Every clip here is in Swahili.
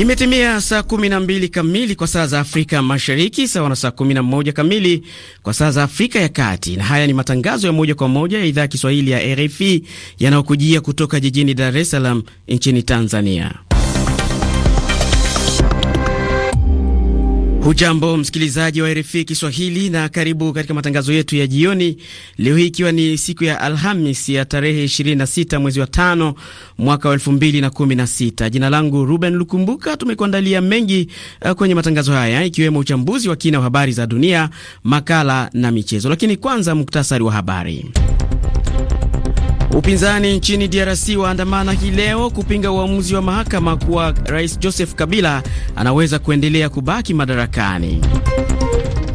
Imetimia saa kumi na mbili kamili kwa saa za Afrika Mashariki, sawa na saa kumi na moja kamili kwa saa za Afrika ya Kati. Na haya ni matangazo ya moja kwa moja ya idhaa ya Kiswahili ya RFI yanayokujia kutoka jijini Dar es Salaam nchini Tanzania. Hujambo msikilizaji wa RFI Kiswahili na karibu katika matangazo yetu ya jioni leo hii, ikiwa ni siku ya Alhamis ya tarehe 26 mwezi wa tano mwaka wa 2016. Jina langu Ruben Lukumbuka. Tumekuandalia mengi eh, kwenye matangazo haya, ikiwemo uchambuzi wa kina wa habari za dunia, makala na michezo, lakini kwanza muktasari wa habari. Upinzani nchini DRC waandamana hii leo kupinga uamuzi wa mahakama kuwa Rais Joseph Kabila anaweza kuendelea kubaki madarakani.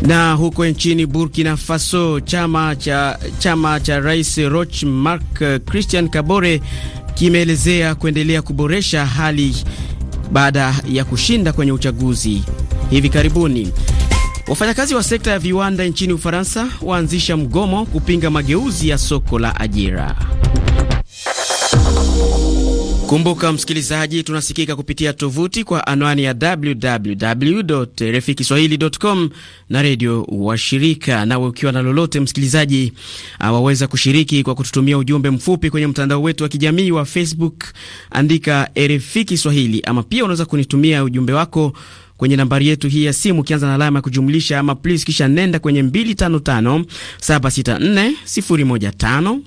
Na huko nchini Burkina Faso chama cha, chama cha Rais Roch Marc Christian Kabore kimeelezea kuendelea kuboresha hali baada ya kushinda kwenye uchaguzi hivi karibuni. Wafanyakazi wa sekta ya viwanda nchini Ufaransa waanzisha mgomo kupinga mageuzi ya soko la ajira. Kumbuka msikilizaji, tunasikika kupitia tovuti kwa anwani ya www RFI kiswahilicom na redio washirika. Nawe ukiwa na lolote msikilizaji, ah, waweza kushiriki kwa kututumia ujumbe mfupi kwenye mtandao wetu wa kijamii wa Facebook, andika RFI Kiswahili, ama pia unaweza kunitumia ujumbe wako kwenye nambari yetu hii ya simu, ukianza na alama ya kujumlisha ama plus, kisha nenda kwenye 255 764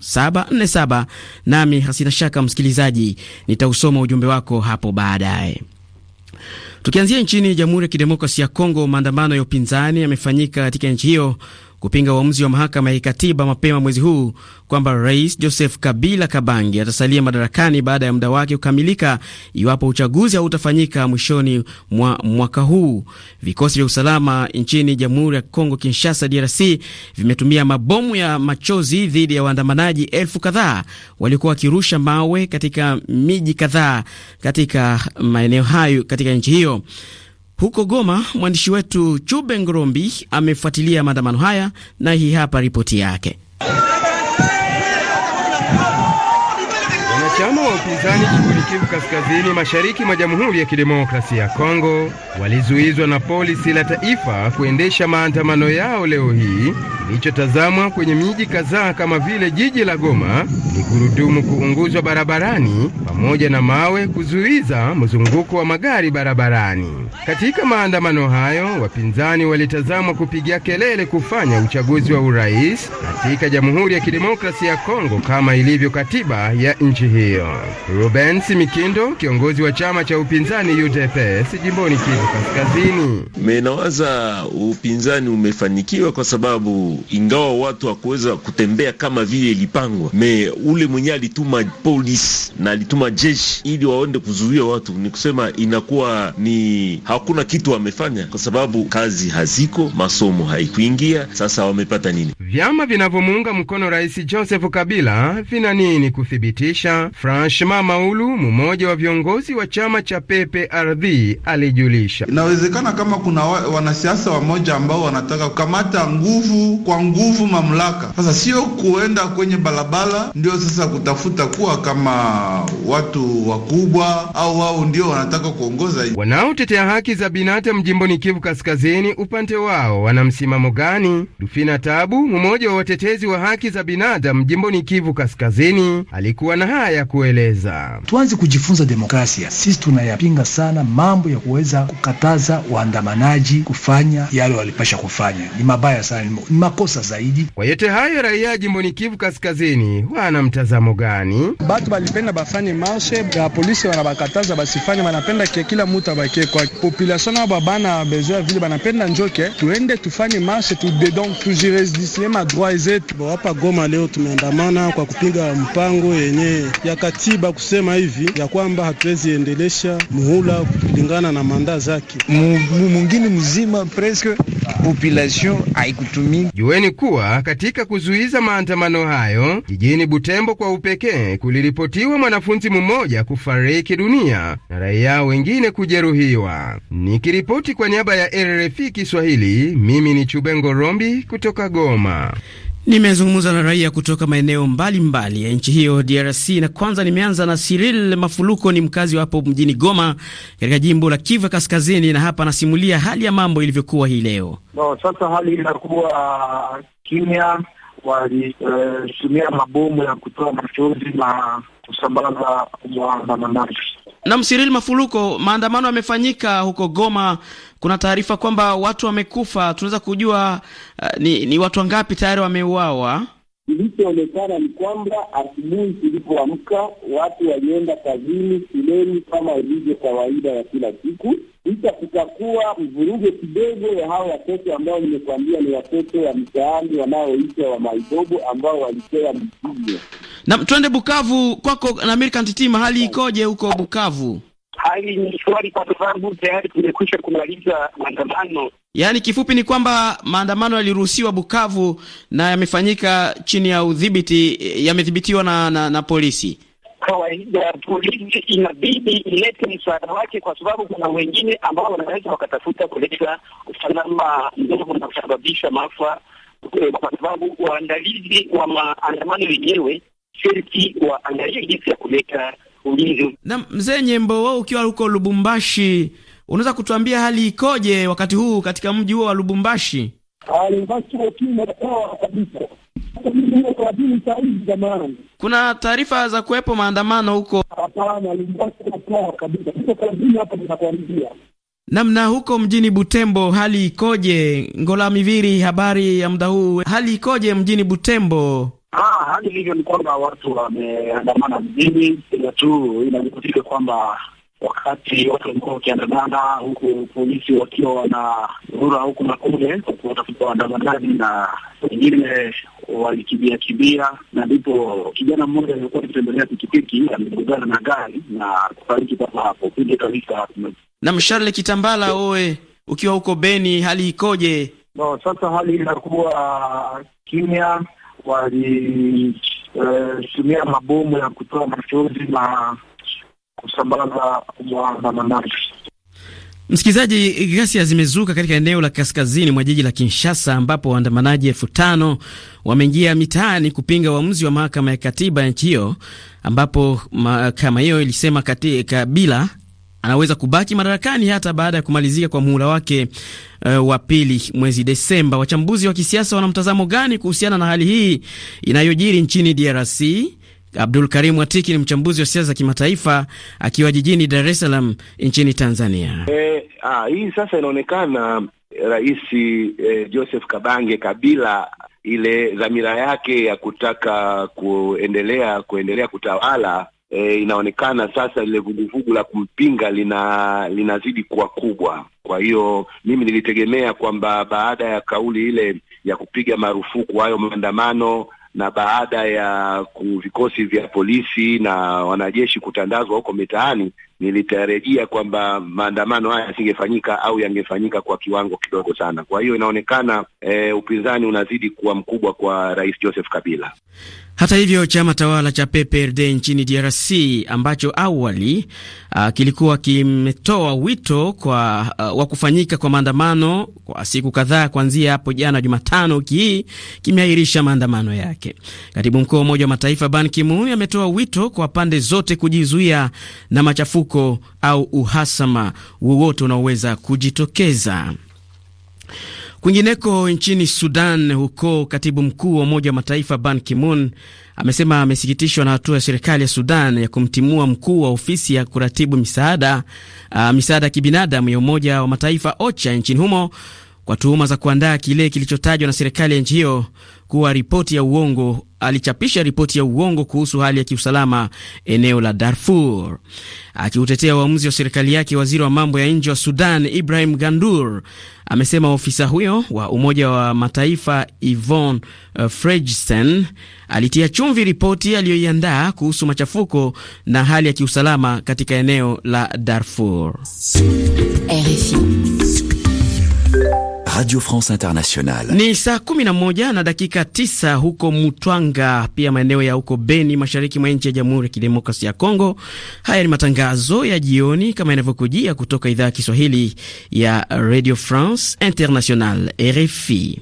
015 nami hasina shaka msikilizaji, nitausoma ujumbe wako hapo baadaye. Tukianzia nchini Jamhuri ya Kidemokrasia ya Kongo, maandamano ya upinzani yamefanyika katika nchi hiyo kupinga uamuzi wa mahakama ya kikatiba mapema mwezi huu kwamba rais Joseph Kabila Kabange atasalia madarakani baada ya muda wake kukamilika iwapo uchaguzi hautafanyika mwishoni mwa mwaka huu. Vikosi vya usalama nchini Jamhuri ya Kongo Kinshasa, DRC, vimetumia mabomu ya machozi dhidi ya waandamanaji elfu kadhaa waliokuwa wakirusha mawe katika miji kadhaa katika maeneo hayo katika nchi hiyo. Huko Goma, mwandishi wetu Chube ngrombi amefuatilia maandamano haya na hii hapa ripoti yake. Wanachama wa upinzani jimboni Kivu Kaskazini, mashariki mwa Jamhuri ya Kidemokrasia ya Kongo walizuizwa na polisi la taifa kuendesha maandamano yao leo hii. Kilichotazamwa kwenye miji kadhaa kama vile jiji la Goma ni gurudumu kuunguzwa barabarani pamoja na mawe kuzuiza mzunguko wa magari barabarani. Katika maandamano hayo, wapinzani walitazamwa kupiga kelele kufanya uchaguzi wa urais katika Jamhuri ya Kidemokrasia ya Kongo kama ilivyo katiba ya nchi hii hiyo. Rubens Mikindo, kiongozi wa chama cha upinzani UDPS jimboni Kivu Kaskazini: menawaza upinzani umefanikiwa kwa sababu ingawa watu hakuweza kutembea kama vile ilipangwa, me ule mwenye alituma polisi na alituma jeshi ili waende kuzuia watu, ni kusema inakuwa ni hakuna kitu wamefanya, kwa sababu kazi haziko, masomo haikuingia. Sasa wamepata nini? Vyama vinavyomuunga mkono Rais Joseph Kabila vina nini kuthibitisha Franchema Maulu, mmoja wa viongozi wa chama cha PPRD, alijulisha inawezekana kama kuna wa, wanasiasa wamoja ambao wanataka kukamata nguvu kwa nguvu mamlaka. Sasa sio kuenda kwenye balabala ndio sasa kutafuta kuwa kama watu wakubwa au wao ndio wanataka kuongoza. Wanaotetea haki za binadamu jimboni Kivu Kaskazini, upande wao wana msimamo gani? Dufina Tabu, mmoja wa watetezi wa haki za binadamu jimboni Kivu Kaskazini, alikuwa na haya kueleza. Tuanze kujifunza demokrasia. Sisi tunayapinga sana mambo ya kuweza kukataza waandamanaji kufanya yale walipasha kufanya, ni mabaya sana, ni makosa zaidi. Kwa yote hayo, raia jimboni Kivu Kaskazini wana mtazamo gani? Batu balipenda bafanye marshe ya polisi, wanabakataza basifanye, wanapenda ke kila mutu abakie kwa populasion, ao babana bezoa vile banapenda njoke, tuende tufanye marshe tudedon tujirezidisie madroit zetu. Hapa Goma leo tumeandamana kwa kupinga mpango yenye ya katiba kusema hivi ya kwamba hatuwezi endelesha muhula kulingana na manda zake mwingine mzima presque population haikutumia. Jueni kuwa katika kuzuiza maandamano hayo jijini Butembo kwa upekee kuliripotiwa mwanafunzi mmoja kufariki dunia na raia wengine kujeruhiwa. Nikiripoti kwa niaba ya RFI Kiswahili, mimi ni Chubengo Rombi kutoka Goma. Nimezungumza na raia kutoka maeneo mbalimbali ya nchi hiyo DRC, na kwanza nimeanza na siril Mafuluko, ni mkazi wa hapo mjini Goma katika jimbo la Kivu Kaskazini, na hapa anasimulia hali ya mambo ilivyokuwa hii leo. No, sasa hali inakuwa kimya walitumia uh, mabomu ya kutoa machozi na kusambaza mwanamanaji na Msiril Mafuluko, maandamano yamefanyika huko Goma, kuna taarifa kwamba watu wamekufa. Tunaweza kujua uh, ni, ni watu wangapi tayari wameuawa? Kilichoonekana ni kwamba asubuhi tulipoamka watu walienda kazini, shuleni kama ilivyo kawaida ya kila siku, kisha kukakuwa mvurugo kidogo ya hao watoto ambao nimekuambia ni watoto wa mitaani wanaoitwa wa maidogo ambao walipewa mizigo na twende Bukavu kwako na American Team, hali ikoje huko Bukavu? Hali ni shwari kwa sababu tayari tumekwisha kumaliza maandamano. Yaani kifupi ni kwamba maandamano yaliruhusiwa Bukavu na yamefanyika chini ya udhibiti, yamedhibitiwa na, na, na polisi. Kawaida polisi inabidi ilete msaada wake, kwa sababu kuna wengine ambao wanaweza wakatafuta kuleta usalama mdogo na kusababisha maafa, eh, kwa sababu waandalizi wa maandamano yenyewe sherti waangalie jinsi ya kuleta ulinzi. Na mzee Nyembo, wao ukiwa huko Lubumbashi, unaweza kutuambia hali ikoje wakati huu katika mji huo wa Lubumbashi? Ah, Kuna taarifa za kuwepo maandamano huko? Namna huko mjini Butembo hali ikoje? Ngola Miviri, habari ya muda huu, hali ikoje mjini Butembo? Ah, hali ilivyo ni kwamba watu wameandamana mjini, ila tu inaripotika kwamba wakati watu walikuwa wakiandamana, huku polisi wakiwa wana dhura huku na kule kuwatafuta waandamanaji na wengine walikibia kibia, na ndipo kijana mmoja aliyekuwa akitembelea pikipiki aligongana na gari na kufariki papa hapo pindi kabisa. Na Msharle Kitambala, oe, ukiwa huko Beni, hali ikoje? No, sasa hali inakuwa kimya walitumia eh, e, mabomu ya kutoa machozi na kusambaza maandamanaji. Msikilizaji, ghasia zimezuka katika eneo la kaskazini mwa jiji la Kinshasa ambapo waandamanaji elfu tano wameingia mitaani kupinga uamuzi wa mahakama ya katiba ya nchi hiyo ambapo mahakama hiyo ilisema kabila anaweza kubaki madarakani hata baada ya kumalizika kwa muhula wake uh, wa pili mwezi Desemba. Wachambuzi wa kisiasa wana mtazamo gani kuhusiana na hali hii inayojiri nchini DRC? Abdul Karim Watiki ni mchambuzi wa siasa za kimataifa akiwa jijini Dar es Salaam nchini Tanzania. E, eh, a, ah, hii sasa inaonekana eh, Rais e, Joseph Kabange Kabila ile dhamira yake ya kutaka kuendelea kuendelea kutawala e, inaonekana sasa lile vuguvugu la kumpinga lina linazidi kuwa kubwa. Kwa hiyo mimi nilitegemea kwamba baada ya kauli ile ya kupiga marufuku hayo maandamano na baada ya vikosi vya polisi na wanajeshi kutandazwa huko mitaani, nilitarajia kwamba maandamano haya yasingefanyika au yangefanyika kwa kiwango kidogo sana. Kwa hiyo inaonekana e, upinzani unazidi kuwa mkubwa kwa Rais Joseph Kabila. Hata hivyo, chama tawala cha PPRD nchini DRC ambacho awali a, kilikuwa kimetoa wito kwa uh, wa kufanyika kwa maandamano kwa siku kadhaa kuanzia hapo jana Jumatano wiki hii kimeahirisha maandamano yake. Katibu mkuu wa Umoja wa Mataifa Ban Ki-moon ametoa wito kwa pande zote kujizuia na machafuko machafuko au uhasama wowote unaoweza kujitokeza. Kwingineko nchini Sudan, huko katibu mkuu wa Umoja wa Mataifa Ban Ki-moon amesema amesikitishwa na hatua ya serikali ya Sudan ya kumtimua mkuu wa ofisi ya kuratibu misaada, uh, misaada ya kibinadamu ya Umoja wa Mataifa OCHA nchini humo kwa tuhuma za kuandaa kile kilichotajwa na serikali ya nchi hiyo kuwa ripoti ya uongo. Alichapisha ripoti ya uongo kuhusu hali ya kiusalama eneo la Darfur. Akiutetea uamuzi wa serikali yake, waziri wa mambo ya nje wa Sudan Ibrahim Gandur amesema ofisa huyo wa Umoja wa Mataifa Yvonne uh, alitia chumvi ripoti aliyoiandaa kuhusu machafuko na hali ya kiusalama katika eneo la Darfur. RFI. Radio France Internationale. Ni saa kumi na moja na dakika tisa huko Mutwanga, pia maeneo ya huko Beni, mashariki mwa nchi ya Jamhuri ya Kidemokrasia ya Kongo. Haya ni matangazo ya jioni kama yanavyokujia kutoka idhaa ya Kiswahili ya Radio France Internationale, RFI.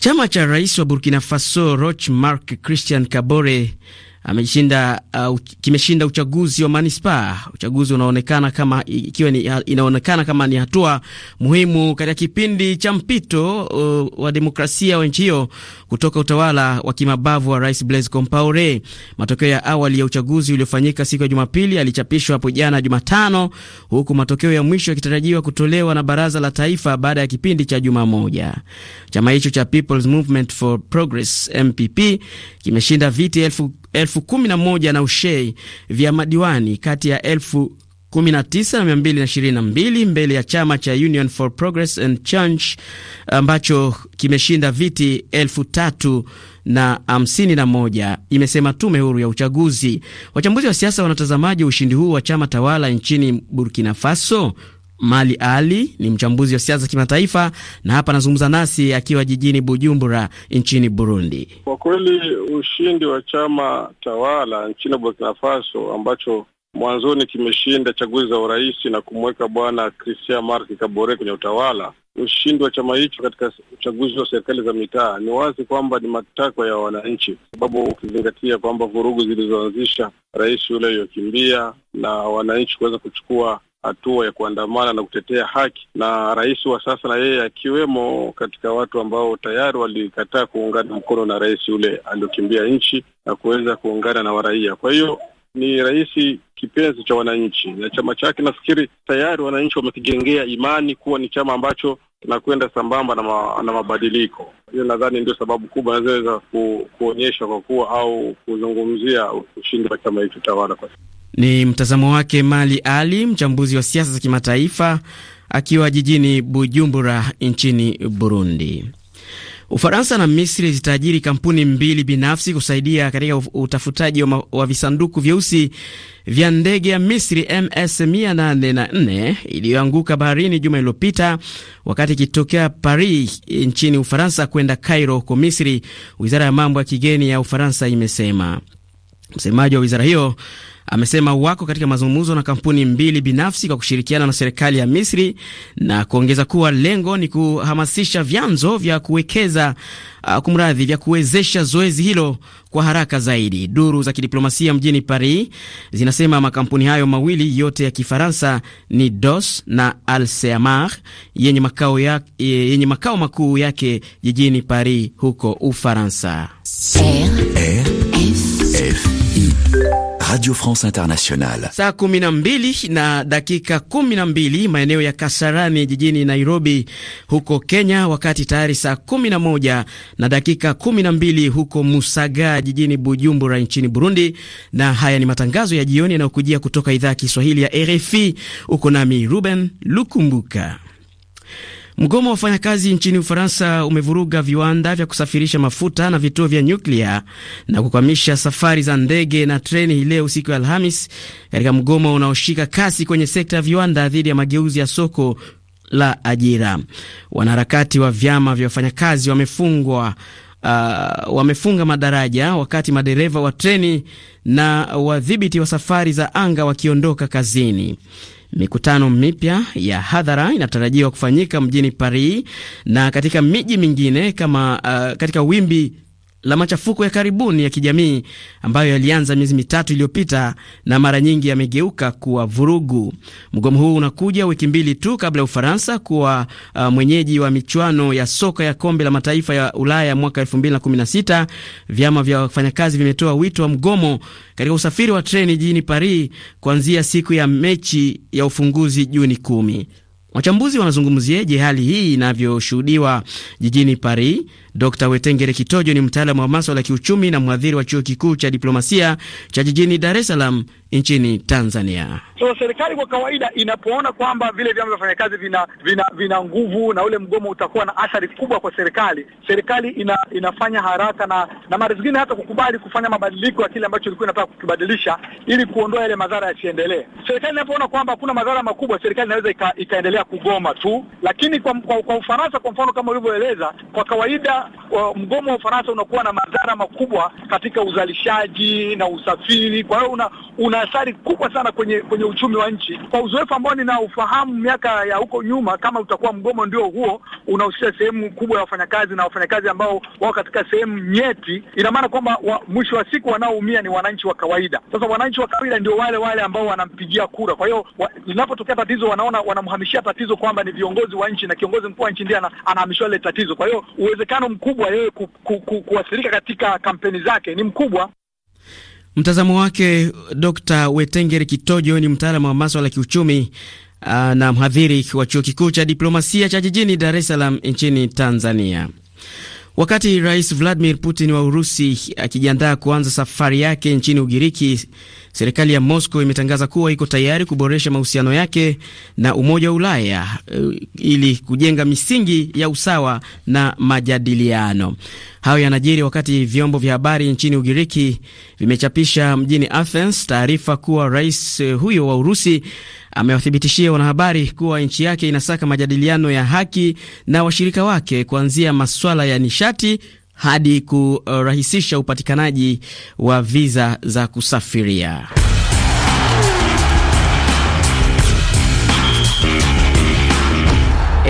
Chama cha rais wa Burkina Faso Roch Marc Christian Kabore ameshinda uh, kimeshinda uchaguzi wa manispaa, uchaguzi unaonekana kama ikiwa ni, inaonekana kama ni hatua muhimu katika kipindi cha mpito uh, wa demokrasia wa nchi hiyo kutoka utawala wa kimabavu wa Rais Blaise Compaore. Matokeo ya awali ya uchaguzi uliofanyika siku ya Jumapili alichapishwa hapo jana Jumatano, huku matokeo ya mwisho yakitarajiwa kutolewa na Baraza la Taifa baada ya kipindi cha juma moja. Chama hicho cha People's Movement for Progress MPP kimeshinda viti elfu elfu kumi na moja na ushei vya madiwani kati ya elfu 19,222 mbele ya chama cha Union for Progress and Change ambacho kimeshinda viti 3,051, imesema tume huru ya uchaguzi. Wachambuzi wa siasa wanatazamaje ushindi huu wa chama tawala nchini Burkina Faso? Mali Ali ni mchambuzi wa siasa kimataifa na hapa anazungumza nasi akiwa jijini Bujumbura nchini Burundi. Kwa kweli ushindi wa chama tawala nchini Burkina Faso ambacho mwanzoni kimeshinda chaguzi za urais na kumweka bwana Christian Marc Kabore kwenye utawala. Ushindi wa chama hicho katika uchaguzi wa serikali za mitaa, ni wazi kwamba ni matakwa ya wananchi, sababu ukizingatia kwamba vurugu zilizoanzisha rais yule aliyokimbia na wananchi kuweza kuchukua hatua ya kuandamana na kutetea haki, na rais wa sasa na yeye akiwemo katika watu ambao tayari walikataa kuungana mkono na rais yule aliokimbia nchi na kuweza kuungana na waraia. Kwa hiyo ni rais kipenzi cha wananchi na chama chake, nafikiri tayari wananchi wamekijengea imani kuwa ni chama ambacho kinakwenda sambamba na, ma, na mabadiliko. Hiyo nadhani ndio sababu kubwa anazoweza ku, kuonyesha kwa kuwa au kuzungumzia ushindi wa chama hicho tawala kwa sasa. Ni mtazamo wake Mali Ali, mchambuzi wa siasa za kimataifa, akiwa jijini Bujumbura nchini Burundi. Ufaransa na Misri zitaajiri kampuni mbili binafsi kusaidia katika utafutaji wa, wa visanduku vyeusi vya ndege ya Misri MS 84 iliyoanguka baharini juma iliyopita wakati ikitokea Paris nchini Ufaransa kwenda Cairo huko Misri, wizara ya mambo ya kigeni ya Ufaransa imesema. Msemaji wa wizara hiyo amesema wako katika mazungumzo na kampuni mbili binafsi kwa kushirikiana na serikali ya Misri na kuongeza kuwa lengo ni kuhamasisha vyanzo vya kuwekeza uh, kumradhi, vya kuwezesha zoezi hilo kwa haraka zaidi. Duru za kidiplomasia mjini Paris zinasema makampuni hayo mawili yote ya Kifaransa ni DOS na Alseamar yenye makao, ya, yenye makao makuu yake jijini Paris huko Ufaransa. R Radio France Internationale. Saa kumi na dakika mbili maeneo ya Kasarani jijini Nairobi huko Kenya, wakati tayari saa 11 na dakika mbili huko Musaga jijini Bujumbura nchini Burundi. Na haya ni matangazo ya jioni yanayokujia kutoka idhaa ya Kiswahili ya RFI. Uko nami Ruben Lukumbuka. Mgomo wa wafanyakazi nchini Ufaransa umevuruga viwanda vya kusafirisha mafuta na vituo vya nyuklia na kukwamisha safari za ndege na treni hii leo siku ya Alhamis, katika mgomo unaoshika kasi kwenye sekta ya viwanda dhidi ya mageuzi ya soko la ajira. Wanaharakati wa vyama vya wafanyakazi wamefungwa Uh, wamefunga madaraja wakati madereva wa treni na wadhibiti wa safari za anga wakiondoka kazini. Mikutano mipya ya hadhara inatarajiwa kufanyika mjini Paris na katika miji mingine kama uh, katika wimbi la machafuko ya karibuni ya kijamii ambayo yalianza miezi mitatu iliyopita na mara nyingi yamegeuka kuwa vurugu. Mgomo huu unakuja wiki mbili tu kabla ya Ufaransa kuwa uh, mwenyeji wa michuano ya soka ya kombe la mataifa ya Ulaya mwaka 2016. Vyama vya wafanyakazi vimetoa wito wa mgomo katika usafiri wa treni jijini Paris kuanzia siku ya mechi ya ufunguzi Juni kumi. Wachambuzi wanazungumzieje hali hii inavyoshuhudiwa jijini Paris Dr Wetengere Kitojo ni mtaalamu wa maswala ya kiuchumi na mhadhiri wa chuo kikuu cha diplomasia cha jijini Dar es Salaam nchini Tanzania. So serikali kwa kawaida inapoona kwamba vile vyama vya wafanyakazi vina, vina vina nguvu na ule mgomo utakuwa na athari kubwa kwa serikali, serikali ina, inafanya haraka na na mara zingine hata kukubali kufanya mabadiliko ya kile ambacho ilikuwa inataka kukibadilisha ili kuondoa yale madhara yasiendelee. Serikali inapoona kwamba hakuna madhara makubwa, serikali inaweza ika, ikaendelea kugoma tu, lakini kwa, kwa, kwa Ufaransa kwa mfano kama ulivyoeleza, kwa kawaida mgomo wa Ufaransa unakuwa na madhara makubwa katika uzalishaji na usafiri. Kwa hiyo una, una athari kubwa sana kwenye kwenye uchumi wa nchi. Kwa uzoefu ambao ninaufahamu miaka ya huko nyuma, kama utakuwa mgomo ndio huo unahusisha sehemu kubwa ya wafanyakazi na wafanyakazi ambao wao katika sehemu nyeti, ina maana kwamba wa, mwisho wa siku wanaoumia ni wananchi wa kawaida. Sasa wananchi wa kawaida ndio wale wale ambao wanampigia kura. Kwa hiyo linapotokea tatizo, wanaona wanamhamishia tatizo kwamba ni viongozi wa nchi na kiongozi mkuu wa nchi ndiye anahamishwa ile tatizo. Kwa hiyo uwezekano mkubwa yeye ku, ku, ku, kuwasilika katika kampeni zake ni mkubwa. Mtazamo wake Dr. Wetengere Kitojo ni mtaalamu wa maswala ya kiuchumi ah, na mhadhiri wa chuo kikuu cha diplomasia cha jijini Dar es Salaam nchini Tanzania. Wakati Rais Vladimir Putin wa Urusi akijiandaa kuanza safari yake nchini Ugiriki Serikali ya Moscow imetangaza kuwa iko tayari kuboresha mahusiano yake na Umoja wa Ulaya uh, ili kujenga misingi ya usawa na majadiliano. Hayo yanajiri wakati vyombo vya habari nchini Ugiriki vimechapisha mjini Athens taarifa kuwa rais eh, huyo wa Urusi amewathibitishia wanahabari kuwa nchi yake inasaka majadiliano ya haki na washirika wake kuanzia maswala ya nishati hadi kurahisisha upatikanaji wa viza za kusafiria.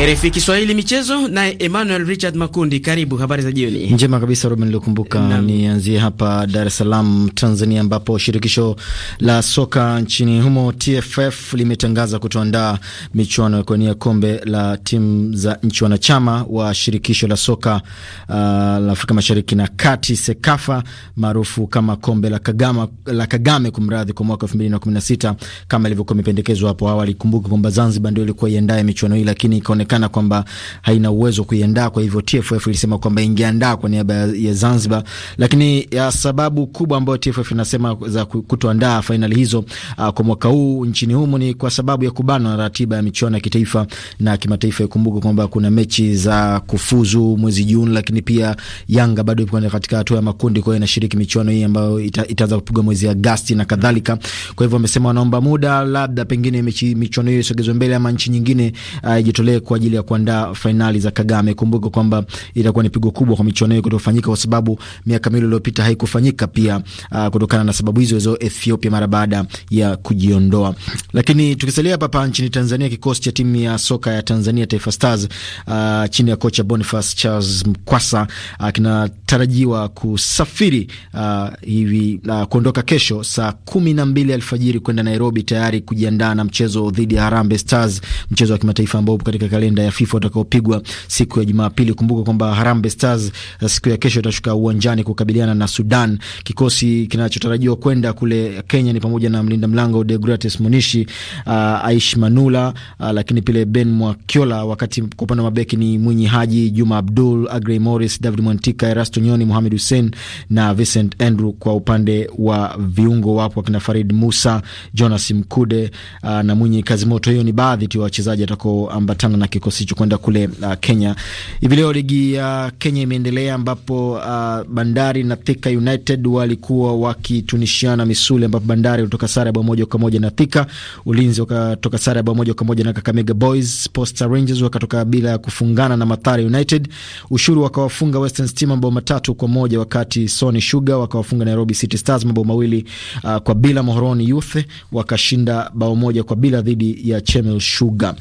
RFI Kiswahili michezo, na Emmanuel Richard Makundi, karibu. Habari za jioni. Njema kabisa Ruben Lukumbuka. Nianzie hapa Dar es Salaam, Tanzania, ambapo shirikisho la soka nchini humo TFF limetangaza kutoandaa michuano ya kuwania kombe la timu za nchi wanachama wa shirikisho la soka uh, la Afrika Mashariki na Kati, SEKAFA, maarufu kama kombe la Kagame, la Kagame kumradhi, kwa mwaka 2016 kama ilivyokuwa imependekezwa hapo awali. Kumbuka kwamba Zanzibar ndio ilikuwa iandaye michuano hii, lakini ikaonekana inaonekana kwamba haina uwezo kuiandaa. Kwa hivyo TFF ilisema kwamba ingeandaa kwa niaba ya Zanzibar, lakini ya sababu kubwa ambayo TFF inasema za kutoandaa fainali hizo a, uh, kwa mwaka huu nchini humo ni kwa sababu ya kubanwa na ratiba ya michuano ya kitaifa na kimataifa. Ikumbuke kwamba kuna mechi za kufuzu mwezi Juni, lakini pia Yanga bado ipo katika hatua ya makundi, kwa hiyo inashiriki michuano hii ambayo ita, itaanza kupigwa mwezi Agosti na kadhalika. Kwa hivyo wamesema wanaomba muda, labda pengine mechi michuano hiyo isogezwe mbele ama nchi nyingine uh, ijitolee uh, kwa ajili ya kuandaa fainali za Kagame. Kumbuka kwamba itakuwa ni pigo kubwa kwa michuano hiyo kutofanyika kwa sababu miaka miwili iliyopita haikufanyika pia, uh, kutokana na sababu hizo hizo Ethiopia mara baada ya kujiondoa. Lakini tukisalia hapa hapa nchini Tanzania, kikosi cha timu ya soka ya Tanzania Taifa Stars uh, chini ya kocha Boniface Charles Mkwasa uh, kinatarajiwa kusafiri uh, hivi uh, kuondoka kesho saa kumi na mbili alfajiri kwenda Nairobi tayari kujiandaa na mchezo dhidi ya Harambee Stars, mchezo wa kimataifa ambao upo katika kalenda kalenda ya FIFA watakaopigwa siku ya Jumapili. Kumbuka kwamba Harambee Stars eh, siku ya kesho itashuka uwanjani kukabiliana na Sudan. Kikosi kinachotarajiwa kwenda kule Kenya ni pamoja na mlinda mlango Deogratias Munishi, uh, Aish Manula, uh, lakini pile Ben Mwakiola, wakati kwa upande wa mabeki ni Mwinyi Haji, Juma Abdul, Agrey Morris, David Mwantika, Erasto Nyoni, Mohamed Hussein na Vincent Andrew. Kwa upande wa viungo wapo wakina Farid Musa, Jonas Mkude, uh, na Mwinyi Kazimoto. Hiyo ni baadhi tu ya wachezaji watakaoambatana na kikosi hicho kwenda kule uh, Kenya. Hivi leo ligi ya uh, Kenya imeendelea ambapo uh, Bandari na Thika United walikuwa wakitunishiana misuli, ambapo Bandari kutoka sare ya bao moja kwa moja na Thika, Ulinzi wakatoka sare ya bao moja kwa moja na Kakamega Boys, Posta Rangers wakatoka bila ya kufungana na Mathare United, Ushuru wakawafunga Western Stima mabao matatu kwa moja, wakati Sony Sugar wakawafunga Nairobi City Stars mabao mawili uh, kwa bila. Mohoroni Youth wakashinda bao moja kwa bila dhidi ya Chemel Sugar.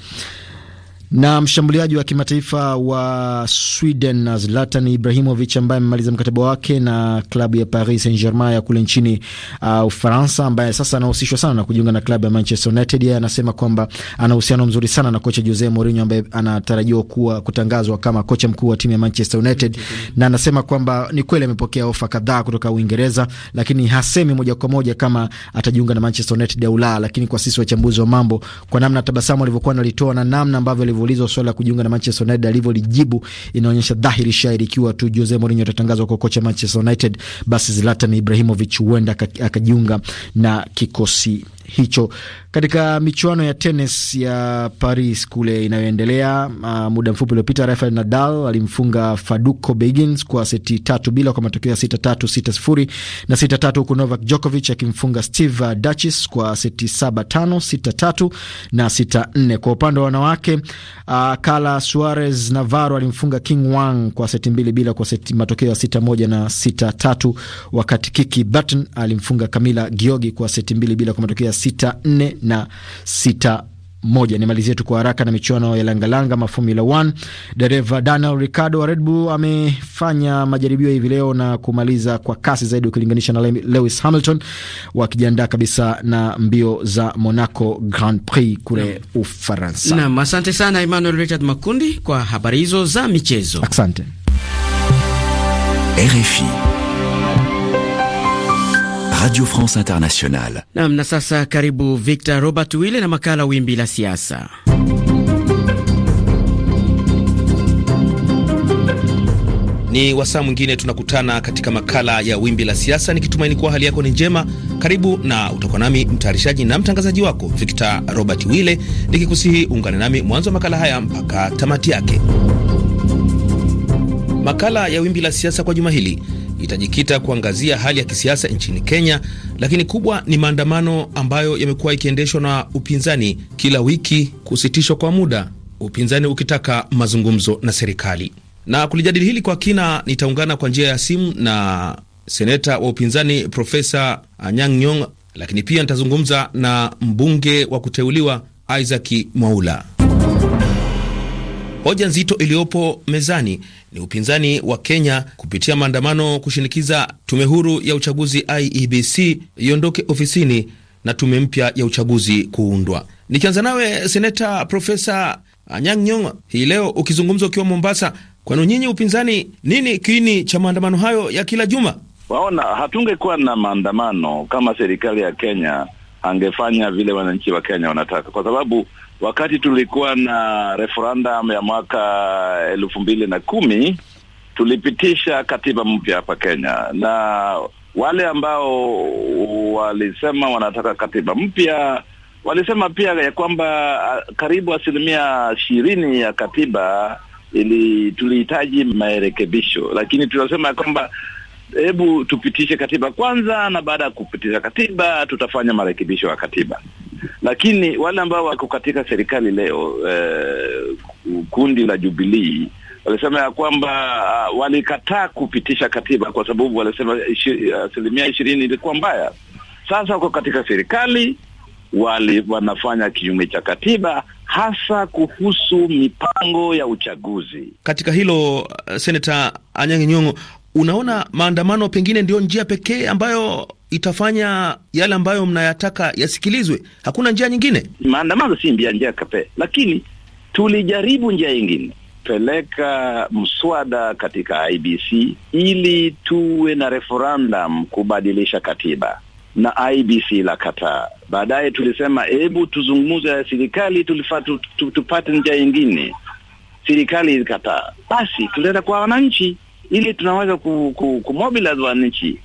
Na mshambuliaji wa kimataifa wa Sweden na Zlatan Ibrahimovich ambaye amemaliza mkataba wake na klabu ya Paris Saint Germain ya kule nchini uh, Ufaransa, ambaye sasa anahusishwa sana na kujiunga na klabu ya Manchester United. Yeye anasema kwamba ana uhusiano mzuri sana na kocha Jose Mourinho ambaye anatarajiwa kuwa kutangazwa kama kocha mkuu wa timu ya Manchester United, na anasema kwamba ni kweli amepokea ofa kadhaa kutoka Uingereza, lakini hasemi moja kwa moja kama atajiunga na Manchester United au la. Lakini kwa sisi wachambuzi wa mambo, kwa namna tabasamu alivyokuwa analitoa na namna ambavyo alivyoulizwa swala la kujiunga na Manchester United alivyolijibu inaonyesha dhahiri shahiri, ikiwa tu Jose Mourinho atatangazwa kwa kocha Manchester United, basi Zlatan Ibrahimovic huenda akajiunga na kikosi hicho. Katika michuano ya tenis ya Paris kule inayoendelea, uh, muda mfupi uliopita, Rafael Nadal alimfunga Faduko Begins kwa seti tatu bila kwa matokeo ya sita tatu sita sifuri na sita tatu huku Novak Djokovic akimfunga Steve Dachis kwa seti saba tano sita tatu na sita nne. Kwa upande wa wanawake, uh, Carla Suarez Navarro alimfunga King Wang kwa seti mbili bila kwa seti matokeo ya sita moja na sita tatu wakati Kiki Barton alimfunga Kamila Giogi kwa seti mbili bila kwa matokeo ya sita nne na sita moja. Nimalizie tu kwa haraka na michuano ya langalanga mafumula 1. Dereva Daniel Ricardo wa Red Bull amefanya majaribio hivi leo na kumaliza kwa kasi zaidi ukilinganisha na Lewis Hamilton, wakijiandaa kabisa na mbio za Monaco Grand Prix kule Ufaransa. Naam, asante sana Emmanuel Richard Makundi kwa habari hizo za michezo. Asante RFI. Radio France Internationale. nam na sasa karibu Victor Robert Wille na makala wimbi la siasa. Ni wasaa mwingine tunakutana katika makala ya wimbi la siasa, nikitumaini kuwa hali yako ni njema. Karibu na utakuwa nami mtayarishaji na mtangazaji wako Victor Robert Wille, nikikusihi uungane nami mwanzo wa makala haya mpaka tamati yake. Makala ya wimbi la siasa kwa juma hili itajikita kuangazia hali ya kisiasa nchini Kenya, lakini kubwa ni maandamano ambayo yamekuwa ikiendeshwa na upinzani kila wiki kusitishwa kwa muda, upinzani ukitaka mazungumzo na serikali. Na kulijadili hili kwa kina, nitaungana kwa njia ya simu na seneta wa upinzani Profesa Anyang' lakini pia nitazungumza na mbunge wa kuteuliwa Isaac Mwaula. Hoja nzito iliyopo mezani ni upinzani wa Kenya kupitia maandamano kushinikiza tume huru ya uchaguzi IEBC iondoke ofisini na tume mpya ya uchaguzi kuundwa. Nikianza nawe Seneta Profesa Anyang' hii leo ukizungumza ukiwa Mombasa, kwani nyinyi upinzani, nini kiini cha maandamano hayo ya kila juma? Waona, hatungekuwa na maandamano kama serikali ya Kenya angefanya vile wananchi wa Kenya wanataka, kwa sababu Wakati tulikuwa na referendum ya mwaka elfu mbili na kumi tulipitisha katiba mpya hapa Kenya, na wale ambao walisema wanataka katiba mpya walisema pia ya kwamba karibu asilimia ishirini ya katiba ili tulihitaji marekebisho, lakini tunasema ya kwamba hebu tupitishe katiba kwanza, na baada ya kupitisha katiba tutafanya marekebisho ya katiba lakini wale ambao wako katika serikali leo eh, kundi la jubilii walisema ya kwamba uh, walikataa kupitisha katiba kwa sababu walisema asilimia ishi, uh, ishirini ilikuwa mbaya. Sasa wako katika serikali wali, wanafanya kinyume cha katiba hasa kuhusu mipango ya uchaguzi. Katika hilo eh, Senata Anyang'i Nyong'o, unaona maandamano pengine ndio njia pekee ambayo itafanya yale ambayo mnayataka yasikilizwe? Hakuna njia nyingine? Maandamano si njia njia pekee, lakini tulijaribu njia yingine peleka mswada katika IBC ili tuwe na referendum kubadilisha katiba na IBC la kataa. Baadaye tulisema hebu tuzungumze ya serikali, tulifaa tupate njia yingine serikali ilikataa. Basi tulienda kwa wananchi, ili tunaweza ku, ku, wananchi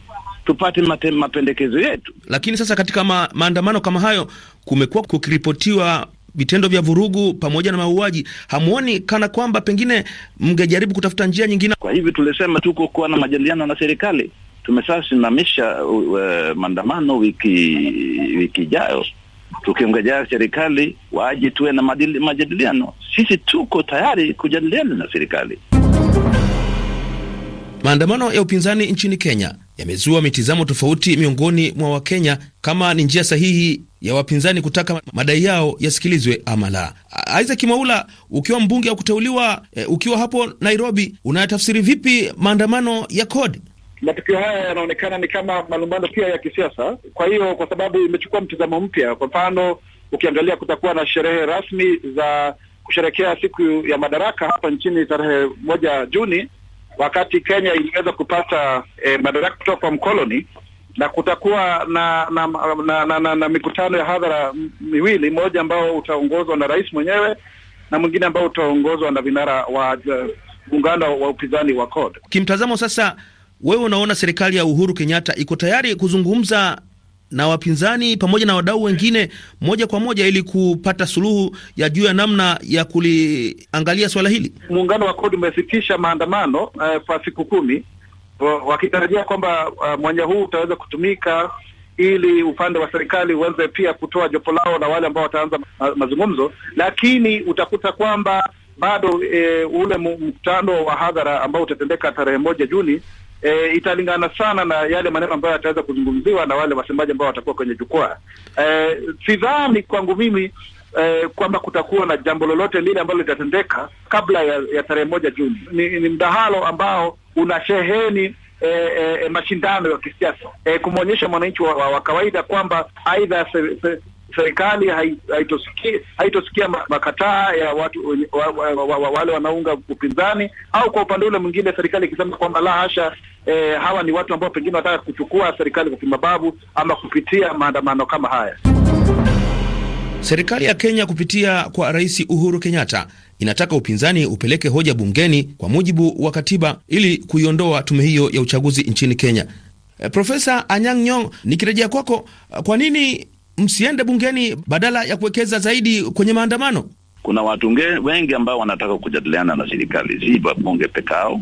tupate mate, mapendekezo yetu. Lakini sasa katika ma, maandamano kama hayo kumekuwa kukiripotiwa vitendo vya vurugu pamoja na mauaji. Hamuoni kana kwamba pengine mngejaribu kutafuta njia nyingine? Kwa hivyo tulisema tuko kuwa na majadiliano na serikali. Tumesasimamisha uh, maandamano wiki wiki ijayo, tukiongejea serikali waje tuwe na majadiliano. Sisi tuko tayari kujadiliana na serikali. Maandamano ya upinzani nchini Kenya yamezua mitizamo tofauti miongoni mwa Wakenya kama ni njia sahihi ya wapinzani kutaka madai yao yasikilizwe ama la. Isaac Mwaula, ukiwa mbunge wa kuteuliwa e, ukiwa hapo Nairobi, unayatafsiri vipi maandamano ya kodi? Matukio haya yanaonekana ni kama malumbano pia ya kisiasa, kwa hiyo kwa sababu imechukua mtizamo mpya. Kwa mfano, ukiangalia kutakuwa na sherehe rasmi za kusherekea siku ya madaraka hapa nchini tarehe moja Juni wakati Kenya iliweza kupata eh, madaraka kutoka kwa mkoloni, na kutakuwa na na, na, na, na, na mikutano ya hadhara miwili, moja ambao utaongozwa na rais mwenyewe na mwingine ambao utaongozwa na vinara wa muungano eh, wa upinzani wa CORD. Kimtazamo sasa, wewe unaona serikali ya Uhuru Kenyatta iko tayari kuzungumza na wapinzani pamoja na wadau wengine moja kwa moja ili kupata suluhu ya juu ya namna ya kuliangalia swala hili. Muungano wa kodi umesitisha maandamano uh, kwa siku kumi wakitarajia kwamba uh, mwanya huu utaweza kutumika ili upande wa serikali uweze pia kutoa jopo lao na wale ambao wataanza ma mazungumzo, lakini utakuta kwamba bado e, ule mkutano wa hadhara ambao utatendeka tarehe moja Juni e, italingana sana na yale maneno ambayo yataweza kuzungumziwa na wale wasemaji ambao watakuwa kwenye jukwaa. E, sidhani kwangu mimi e, kwamba kutakuwa na jambo lolote lile ambalo litatendeka kabla ya, ya tarehe moja Juni. Ni, ni mdahalo ambao unasheheni e, e, mashindano ya kisiasa e, kumwonyesha mwananchi wa, wa, wa kawaida kwamba aidha serikali haitosikia haitosikia makataa ya watu wa, wa, wa, wa, wale wanaunga upinzani, au kwa upande ule mwingine serikali ikisema kwamba la hasha, eh, hawa ni watu ambao pengine wanataka kuchukua serikali kwa kimababu ama kupitia maandamano kama haya. Serikali ya Kenya kupitia kwa Rais Uhuru Kenyatta inataka upinzani upeleke hoja bungeni kwa mujibu wa katiba ili kuiondoa tume hiyo ya uchaguzi nchini Kenya. Eh, Profesa Anyang' Nyong, nikirejea kwako, eh, kwa nini msiende bungeni badala ya kuwekeza zaidi kwenye maandamano? Kuna watu wengi ambao wanataka kujadiliana na serikali, si bunge pekao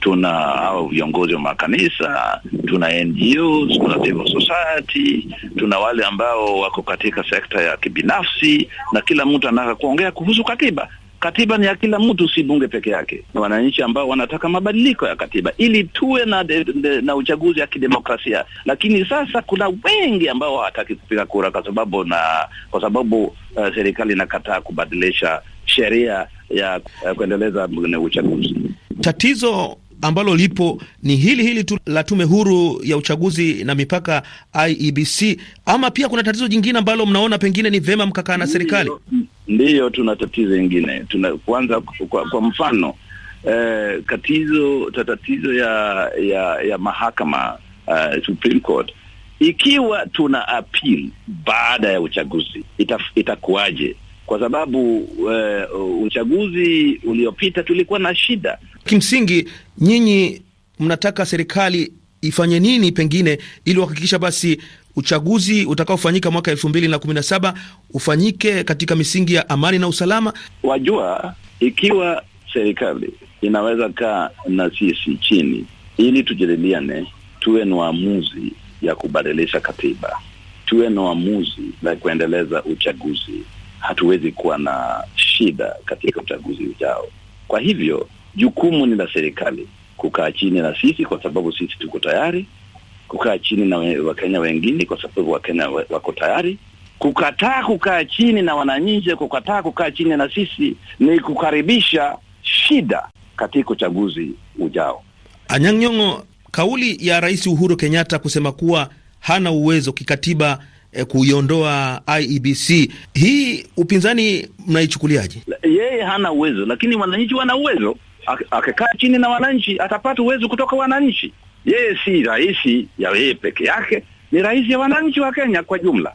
Tuna hao viongozi wa makanisa, tuna NGOs, tuna civil society, tuna wale ambao wako katika sekta ya kibinafsi, na kila mtu anataka kuongea kuhusu katiba. Katiba ni ya kila mtu, si bunge peke yake, na wananchi ambao wanataka mabadiliko ya katiba ili tuwe na, de, de, na uchaguzi ya kidemokrasia. Lakini sasa kuna wengi ambao hawataki kupiga kura kwa sababu na kwa sababu uh, serikali inakataa kubadilisha sheria ya uh, kuendeleza uchaguzi. Tatizo ambalo lipo ni hili hili tu la Tume Huru ya Uchaguzi na Mipaka, IEBC, ama pia kuna tatizo jingine ambalo mnaona pengine ni vema mkakaa na serikali? ndiyo tuna tatizo ingine tuna kwanza kwa, kwa mfano eh, katizo tatizo ya ya ya mahakama uh, Supreme Court ikiwa tuna appeal baada ya uchaguzi ita, itakuwaje? Kwa sababu uh, uchaguzi uliopita tulikuwa na shida. Kimsingi nyinyi mnataka serikali ifanye nini pengine ili kuhakikisha basi uchaguzi utakaofanyika mwaka elfu mbili na kumi na saba ufanyike katika misingi ya amani na usalama. Wajua, ikiwa serikali inaweza kaa na sisi chini ili tujadiliane, tuwe na uamuzi ya kubadilisha katiba, tuwe na uamuzi la kuendeleza uchaguzi. Hatuwezi kuwa na shida katika uchaguzi ujao. Kwa hivyo jukumu ni la serikali kukaa chini na sisi, kwa sababu sisi tuko tayari kukaa chini na Wakenya wengine, kwa sababu Wakenya wako tayari kukataa kukaa chini na wananyinje, Kukataa kukaa chini na sisi ni kukaribisha shida katika uchaguzi ujao. Anyang' Nyong'o, kauli ya Rais Uhuru Kenyatta kusema kuwa hana uwezo kikatiba eh, kuiondoa IEBC hii, upinzani mnaichukuliaje? Yeye hana uwezo, lakini wananchi wana uwezo. Akikaa chini na wananchi atapata uwezo kutoka wananchi yeye si rais ya yeye peke yake, ni rais ya wananchi wa Kenya kwa jumla.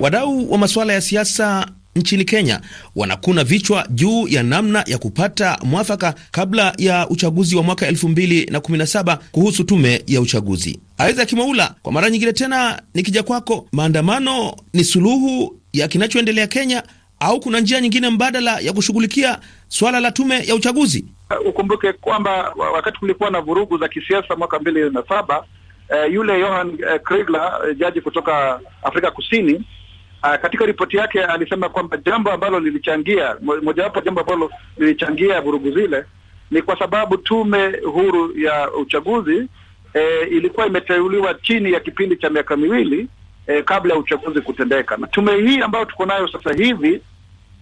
Wadau wa masuala ya siasa nchini Kenya wanakuna vichwa juu ya namna ya kupata mwafaka kabla ya uchaguzi wa mwaka 2017 kuhusu tume ya uchaguzi. Aidha, Kimaula, kwa mara nyingine tena nikija kwako, maandamano ni suluhu ya kinachoendelea Kenya au kuna njia nyingine mbadala ya kushughulikia swala la tume ya uchaguzi? Uh, ukumbuke kwamba wakati kulikuwa na vurugu za kisiasa mwaka mbili na saba uh, yule Johan uh, Kriegler uh, jaji kutoka Afrika Kusini uh, katika ripoti yake alisema kwamba jambo ambalo lilichangia, mojawapo jambo ambalo lilichangia vurugu zile ni kwa sababu tume huru ya uchaguzi eh, ilikuwa imeteuliwa chini ya kipindi cha miaka miwili eh, kabla ya uchaguzi kutendeka, na tume hii ambayo tuko nayo sasa hivi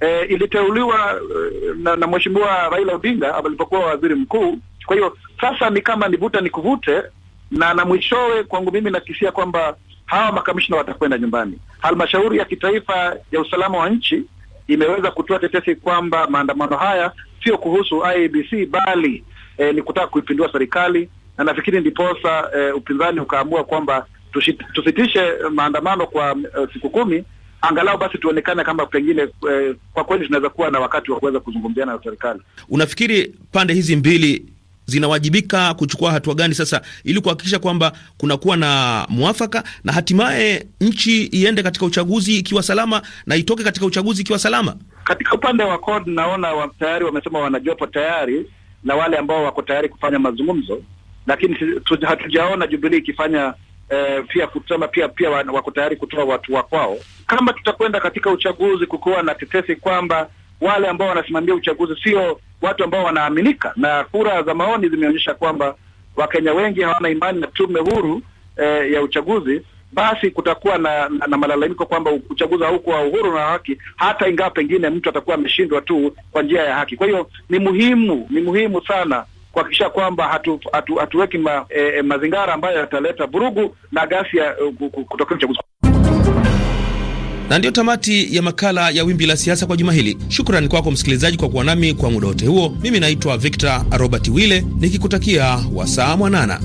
e, iliteuliwa eh, na, na mheshimiwa Raila Odinga alipokuwa waziri mkuu. Kwa hiyo sasa ni kama nivuta nikuvute, na na mwishowe kwangu mimi nakisia kwamba hawa makamishna watakwenda nyumbani. Halmashauri ya Kitaifa ya Usalama wa Nchi imeweza kutoa tetesi kwamba maandamano haya sio kuhusu IBC bali e, ni kutaka kuipindua serikali, na nafikiri ndiposa e, upinzani ukaamua kwamba tusitishe maandamano kwa e, siku kumi angalau basi tuonekane kama pengine eh, kwa kweli tunaweza kuwa na wakati wa kuweza kuzungumziana na serikali. Unafikiri pande hizi mbili zinawajibika kuchukua hatua gani sasa ili kuhakikisha kwamba kunakuwa na mwafaka na hatimaye nchi iende katika uchaguzi ikiwa salama na itoke katika uchaguzi ikiwa salama? Katika upande wa CORD naona wa, tayari wamesema wanajopo tayari na wale ambao wako tayari kufanya mazungumzo, lakini hatujaona Jubilee ikifanya eh, pia kutama pia pia wako tayari kutoa watu wa kwao. Kama tutakwenda katika uchaguzi kukuwa na tetesi kwamba wale ambao wanasimamia uchaguzi sio watu ambao wanaaminika, na kura za maoni zimeonyesha kwamba Wakenya wengi hawana imani na tume huru eh, ya uchaguzi, basi kutakuwa na, na, na malalamiko kwamba uchaguzi haukuwa uhuru na haki, hata ingawa pengine mtu atakuwa ameshindwa tu kwa njia ya haki. Kwa hiyo ni muhimu, ni muhimu sana kuhakikisha kwamba hatu, hatu, hatuweki ma, eh, mazingara ambayo yataleta vurugu na ghasia e, kutokana uchaguzi. Na ndiyo tamati ya makala ya Wimbi la Siasa kwa juma hili. Shukrani kwako msikilizaji kwa kuwa nami kwa muda wote huo. Mimi naitwa Victor Robert Wile nikikutakia wasaa mwanana.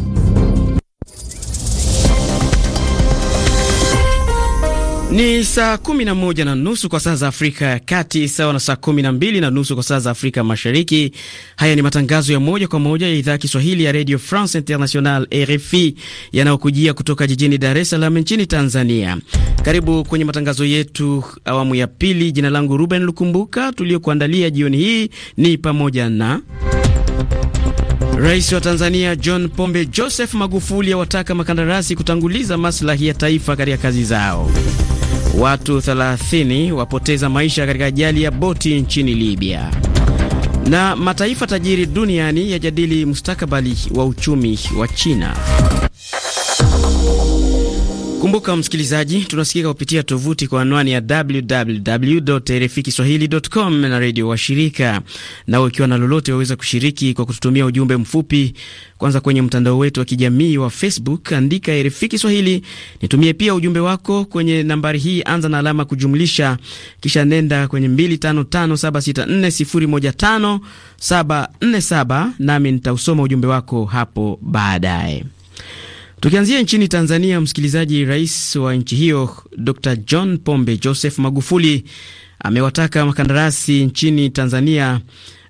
Ni saa kumi na moja na nusu kwa saa za Afrika ya Kati, sawa na saa kumi na mbili na nusu kwa saa za Afrika Mashariki. Haya ni matangazo ya moja kwa moja ya idhaa ya Kiswahili ya Radio France International, RFI, yanayokujia kutoka jijini Dar es Salaam nchini Tanzania. Karibu kwenye matangazo yetu awamu ya pili. Jina langu Ruben Lukumbuka. Tuliokuandalia jioni hii ni pamoja na Rais wa Tanzania John Pombe Joseph Magufuli awataka makandarasi kutanguliza maslahi ya taifa katika kazi zao. Watu 30 wapoteza maisha katika ajali ya boti nchini Libya. Na mataifa tajiri duniani yajadili mustakabali wa uchumi wa China. Kumbuka msikilizaji, tunasikika kupitia tovuti kwa anwani ya www RFI kiswahilicom na redio wa shirika Nao ukiwa na lolote, waweza kushiriki kwa kututumia ujumbe mfupi kwanza kwenye mtandao wetu wa kijamii wa Facebook, andika RFI Kiswahili. Nitumie pia ujumbe wako kwenye nambari hii, anza na alama kujumlisha, kisha nenda kwenye 255764015747 nami nitausoma ujumbe wako hapo baadaye. Tukianzia nchini Tanzania, msikilizaji, rais wa nchi hiyo Dr John Pombe Joseph Magufuli amewataka makandarasi nchini Tanzania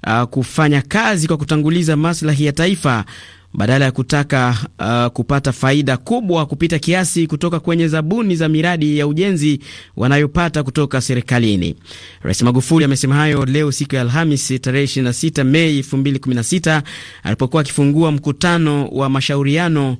uh, kufanya kazi kwa kutanguliza maslahi ya taifa badala ya kutaka uh, kupata faida kubwa kupita kiasi kutoka kwenye zabuni za miradi ya ujenzi wanayopata kutoka serikalini. Rais Magufuli amesema hayo leo siku ya Alhamisi tarehe 26 Mei 2016 alipokuwa akifungua mkutano wa mashauriano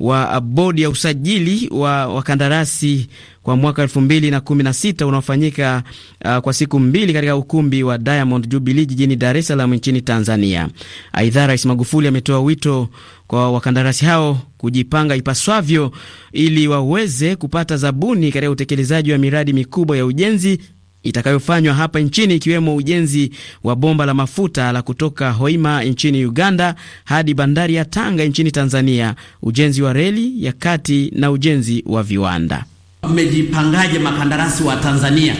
wa bodi ya usajili wa wakandarasi kwa mwaka elfu mbili na kumi na sita unaofanyika uh, kwa siku mbili katika ukumbi wa Diamond Jubilee jijini Dar es Salaam nchini Tanzania. Aidha, Rais Magufuli ametoa wito kwa wakandarasi hao kujipanga ipaswavyo ili waweze kupata zabuni katika utekelezaji wa miradi mikubwa ya ujenzi itakayofanywa hapa nchini ikiwemo ujenzi wa bomba la mafuta la kutoka Hoima nchini Uganda hadi bandari ya Tanga nchini Tanzania, ujenzi wa reli ya kati na ujenzi wa viwanda. Mmejipangaje makandarasi wa Tanzania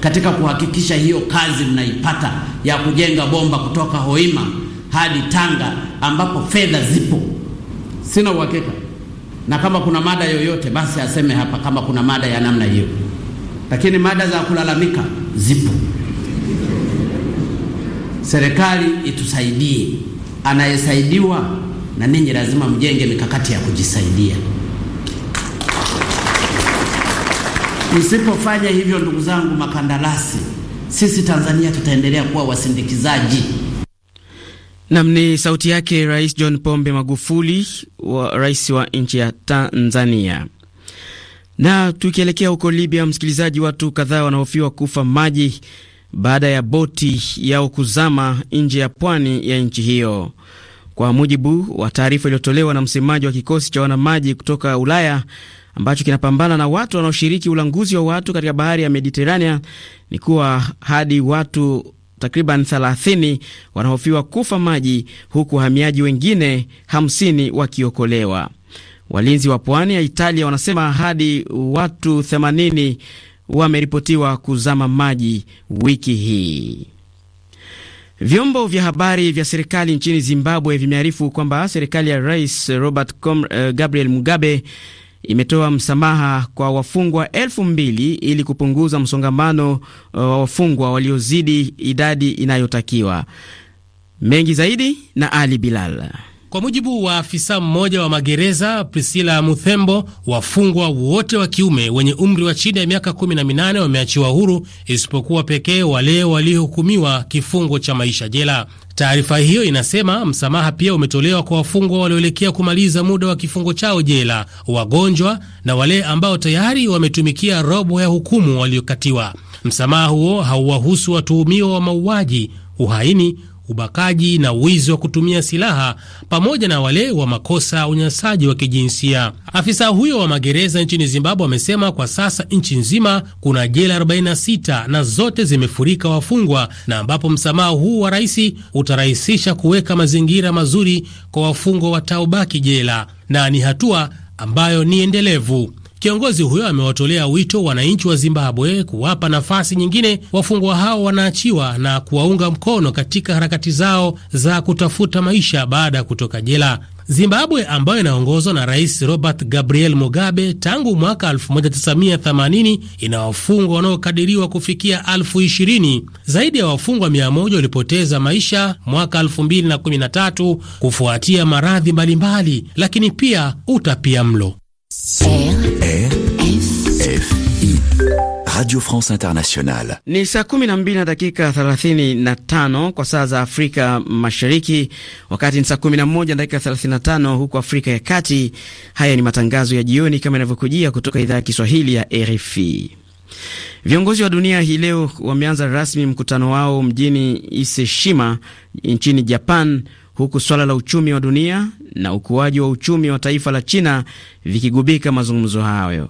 katika kuhakikisha hiyo kazi mnaipata ya kujenga bomba kutoka Hoima hadi Tanga ambapo fedha zipo? Sina uhakika, na kama kuna mada yoyote basi aseme hapa kama kuna mada ya namna hiyo lakini mada za kulalamika zipo. Serikali itusaidie, anayesaidiwa na ninyi lazima mjenge mikakati ya kujisaidia. Msipofanya hivyo, ndugu zangu makandarasi, sisi Tanzania tutaendelea kuwa wasindikizaji. Nam ni sauti yake Rais John Pombe Magufuli wa rais wa nchi ya Tanzania. Na tukielekea huko Libya, msikilizaji, watu kadhaa wanahofiwa kufa maji baada ya boti yao kuzama nje ya pwani ya nchi hiyo. Kwa mujibu wa taarifa iliyotolewa na msemaji wa kikosi cha wanamaji kutoka Ulaya ambacho kinapambana na watu wanaoshiriki ulanguzi wa watu katika bahari ya Mediterania, ni kuwa hadi watu takriban 30 wanahofiwa kufa maji, huku wahamiaji wengine 50 wakiokolewa. Walinzi wa pwani ya Italia wanasema hadi watu 80 wameripotiwa kuzama maji wiki hii. Vyombo vya habari vya serikali nchini Zimbabwe vimearifu kwamba serikali ya Rais Robert Com uh, Gabriel Mugabe imetoa msamaha kwa wafungwa elfu mbili ili kupunguza msongamano eh, wa uh, wafungwa waliozidi idadi inayotakiwa. Mengi zaidi na Ali Bilal. Kwa mujibu wa afisa mmoja wa magereza Priscilla Muthembo, wafungwa wote wa kiume wenye umri wa chini ya miaka 18 wameachiwa huru isipokuwa pekee wale waliohukumiwa kifungo cha maisha jela. Taarifa hiyo inasema msamaha pia umetolewa kwa wafungwa walioelekea kumaliza muda wa kifungo chao jela, wagonjwa na wale ambao tayari wametumikia robo ya hukumu waliokatiwa. Msamaha huo hauwahusu watuhumiwa wa mauaji, uhaini ubakaji na wizi wa kutumia silaha pamoja na wale wa makosa unyanyasaji wa kijinsia. Afisa huyo wa magereza nchini Zimbabwe amesema kwa sasa nchi nzima kuna jela 46 na zote zimefurika wafungwa, na ambapo msamaha huu wa rais utarahisisha kuweka mazingira mazuri kwa wafungwa wataobaki jela na ni hatua ambayo ni endelevu. Kiongozi huyo amewatolea wito wananchi wa Zimbabwe kuwapa nafasi nyingine wafungwa hao wanaachiwa na kuwaunga mkono katika harakati zao za kutafuta maisha baada ya kutoka jela. Zimbabwe ambayo inaongozwa na Rais Robert Gabriel Mugabe tangu mwaka 1980 ina wafungwa wanaokadiriwa kufikia elfu Zaidi ya wafungwa 100 walipoteza maisha mwaka 2013 kufuatia maradhi mbalimbali, lakini pia utapia mlo. RFI Radio France Internationale. Ni saa 12 na dakika 35 kwa saa za Afrika Mashariki, wakati ni saa 11 na dakika 35 huko Afrika ya Kati. Haya ni matangazo ya jioni kama inavyokujia kutoka idhaa ya Kiswahili ya RFI. Viongozi wa dunia hii leo wameanza rasmi mkutano wao mjini Iseshima nchini Japan, huku swala la uchumi wa dunia na ukuaji wa uchumi wa taifa la China vikigubika mazungumzo hayo.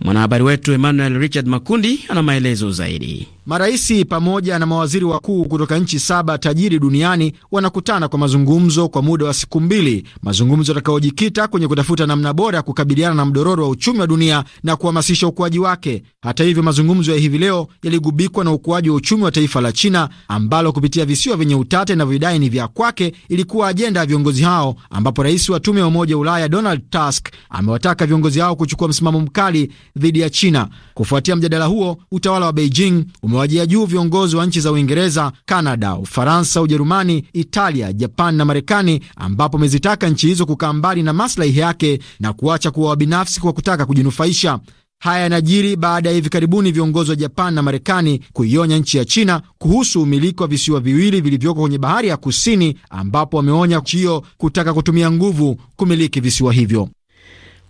Mwanahabari wetu Emmanuel Richard Makundi ana maelezo zaidi. Maraisi pamoja na mawaziri wakuu kutoka nchi saba tajiri duniani wanakutana kwa mazungumzo kwa muda wa siku mbili, mazungumzo yatakayojikita kwenye kutafuta namna bora ya kukabiliana na mdororo wa uchumi wa dunia na kuhamasisha ukuaji wake. Hata hivyo, mazungumzo ya hivi leo yaligubikwa na ukuaji wa uchumi wa taifa la China ambalo kupitia visiwa vyenye utate inavyodai ni vya kwake ilikuwa ajenda ya viongozi hao, ambapo rais wa tume ya Umoja wa Ulaya Donald Tusk amewataka viongozi hao kuchukua msimamo mkali dhidi ya China. Kufuatia mjadala huo, utawala wa Beijing ume imewajia juu viongozi wa nchi za Uingereza, Kanada, Ufaransa, Ujerumani, Italia, Japan na Marekani, ambapo amezitaka nchi hizo kukaa mbali na maslahi yake na kuacha kuwa wabinafsi kwa kutaka kujinufaisha. Haya yanajiri baada ya hivi karibuni viongozi wa Japan na Marekani kuionya nchi ya China kuhusu umiliki wa visiwa viwili vilivyoko kwenye bahari ya Kusini, ambapo wameonya nchi hiyo kutaka kutumia nguvu kumiliki visiwa hivyo.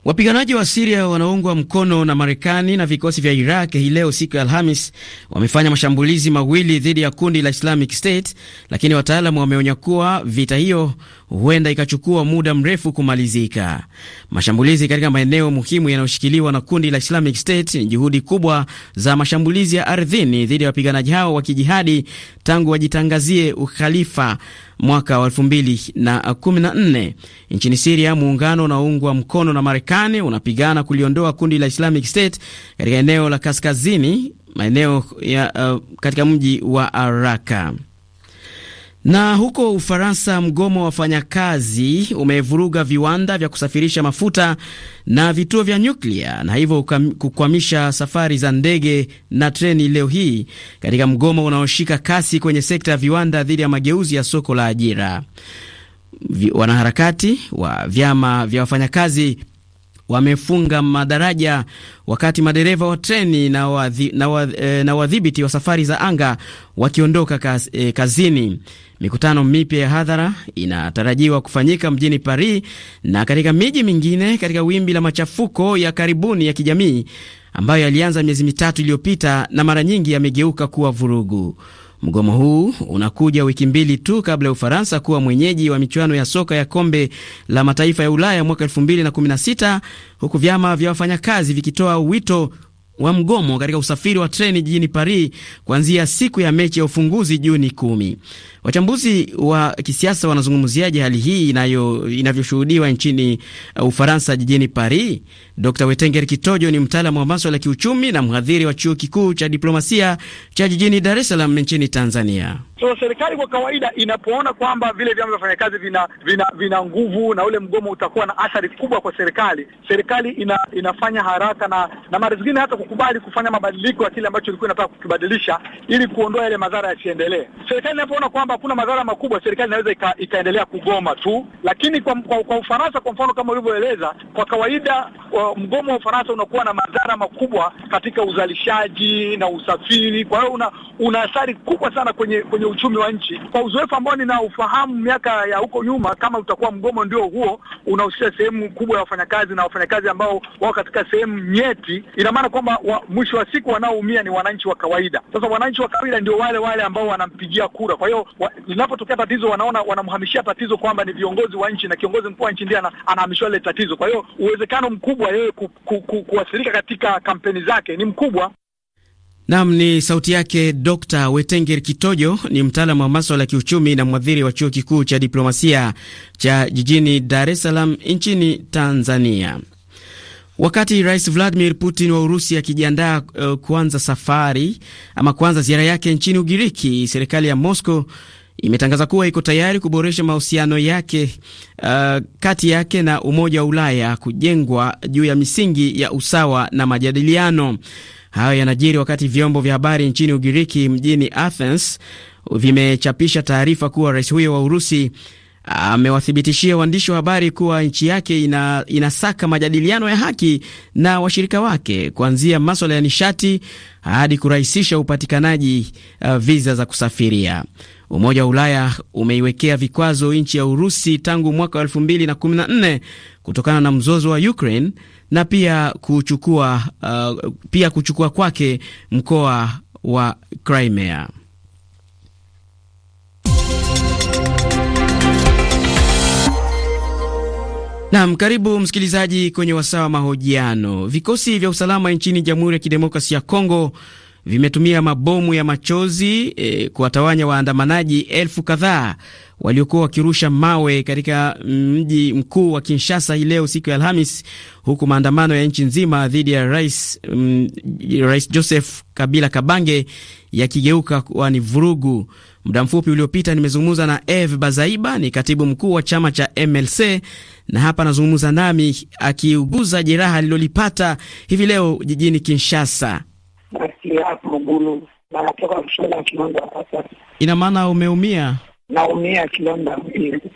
Wapiganaji wa Siria wanaoungwa mkono na Marekani na vikosi vya Iraq hii leo siku ya Alhamis wamefanya mashambulizi mawili dhidi ya kundi la Islamic State, lakini wataalamu wameonya kuwa vita hiyo huenda ikachukua muda mrefu kumalizika. Mashambulizi katika maeneo muhimu yanayoshikiliwa na kundi la Islamic State ni juhudi kubwa za mashambulizi ya ardhini dhidi ya wapiganaji hao wa kijihadi tangu wajitangazie ukhalifa mwaka wa 2014. Nchini Siria, muungano unaoungwa mkono na Marekani unapigana kuliondoa kundi la Islamic State katika eneo la kaskazini maeneo ya, uh, katika mji wa Araka. Na huko Ufaransa, mgomo wa wafanyakazi umevuruga viwanda vya kusafirisha mafuta na vituo vya nyuklia na hivyo kukwamisha safari za ndege na treni leo hii katika mgomo unaoshika kasi kwenye sekta ya viwanda dhidi ya mageuzi ya soko la ajira. Wanaharakati wa vyama vya wafanyakazi wamefunga madaraja, wakati madereva wa treni na e, wadhibiti na wa safari za anga wakiondoka kaz, e, kazini. Mikutano mipya ya hadhara inatarajiwa kufanyika mjini Paris na katika miji mingine katika wimbi la machafuko ya karibuni ya kijamii ambayo yalianza miezi mitatu iliyopita na mara nyingi yamegeuka kuwa vurugu. Mgomo huu unakuja wiki mbili tu kabla ya Ufaransa kuwa mwenyeji wa michuano ya soka ya kombe la mataifa ya Ulaya mwaka 2016 huku vyama vya wafanyakazi vikitoa wito wa mgomo katika usafiri wa treni jijini Paris kuanzia siku ya mechi ya ufunguzi Juni kumi. Wachambuzi wa kisiasa wanazungumziaje hali hii inavyoshuhudiwa nchini uh, Ufaransa jijini Paris? Dr Wetenger Kitojo ni mtaalamu wa maswala ya kiuchumi na mhadhiri wa chuo kikuu cha diplomasia cha jijini Dar es Salaam nchini Tanzania. So serikali kwa kawaida inapoona kwamba vile vyama vya wafanyakazi vina, vina vina nguvu na ule mgomo utakuwa na athari kubwa kwa serikali, serikali ina, inafanya haraka na na mara zingine hata kukubali kufanya mabadiliko ya kile ambacho ilikuwa inataka kukibadilisha ili kuondoa yale madhara yasiendelee. Serikali inapoona kwamba hakuna madhara makubwa, serikali inaweza ika, ikaendelea kugoma tu, lakini kwa, kwa, kwa Ufaransa kwa mfano kama ulivyoeleza, kwa kawaida kwa, mgomo wa Ufaransa unakuwa na madhara makubwa katika uzalishaji na usafiri. Kwa hiyo una, una athari kubwa sana kwenye kwenye uchumi wa nchi. Kwa uzoefu ambao ninaufahamu miaka ya huko nyuma, kama utakuwa mgomo ndio huo unahusisha sehemu kubwa ya wafanyakazi na wafanyakazi ambao wao katika sehemu nyeti, ina maana kwamba wa, mwisho wa siku wanaoumia ni wananchi wa kawaida. Sasa wananchi wa kawaida ndio wale wale ambao wanampigia kura. Kwa hiyo linapotokea tatizo, wanaona wanamhamishia tatizo kwamba ni viongozi wa nchi na kiongozi mkuu wa nchi ndiye anahamishwa ile tatizo. Kwa hiyo uwezekano mkubwa yeye ku, ku, ku, katika kampeni zake ni mkubwa. Nam ni sauti yake Dr Wetenger Kitojo, ni mtaalamu wa maswala ya kiuchumi na mwadhiri wa chuo kikuu cha diplomasia cha jijini Dar es Salaam nchini Tanzania. Wakati Rais Vladimir Putin wa Urusi akijiandaa uh, kuanza safari ama kuanza ziara yake nchini Ugiriki, serikali ya Moscow imetangaza kuwa iko tayari kuboresha mahusiano yake uh, kati yake na Umoja wa Ulaya kujengwa juu ya misingi ya usawa na majadiliano. Hayo yanajiri wakati vyombo vya habari nchini Ugiriki mjini Athens vimechapisha taarifa kuwa rais huyo wa Urusi amewathibitishia waandishi wa habari kuwa nchi yake ina, inasaka majadiliano ya haki na washirika wake kuanzia maswala ya nishati hadi kurahisisha upatikanaji uh, viza za kusafiria. Umoja wa Ulaya umeiwekea vikwazo nchi ya Urusi tangu mwaka wa 2014 kutokana na mzozo wa Ukraine na pia kuchukua, uh, pia kuchukua kwake mkoa wa Crimea. Nam, karibu msikilizaji kwenye wasaa wa mahojiano. Vikosi vya usalama nchini Jamhuri ya Kidemokrasi ya Kongo vimetumia mabomu ya machozi e, kuwatawanya waandamanaji elfu kadhaa waliokuwa wakirusha mawe katika mji mkuu wa Kinshasa hii leo siku ya Alhamis, huku maandamano ya nchi nzima dhidi ya rais, mm, rais Joseph Kabila Kabange yakigeuka kuwa ni vurugu. Muda mfupi uliopita nimezungumza na Eve Bazaiba, ni katibu mkuu wa chama cha MLC, na hapa anazungumza nami akiuguza jeraha alilolipata hivi leo jijini Kinshasa hapo Gulu na natoka kushona kidonda sasa. Ina maana umeumia? Naumia kidonda.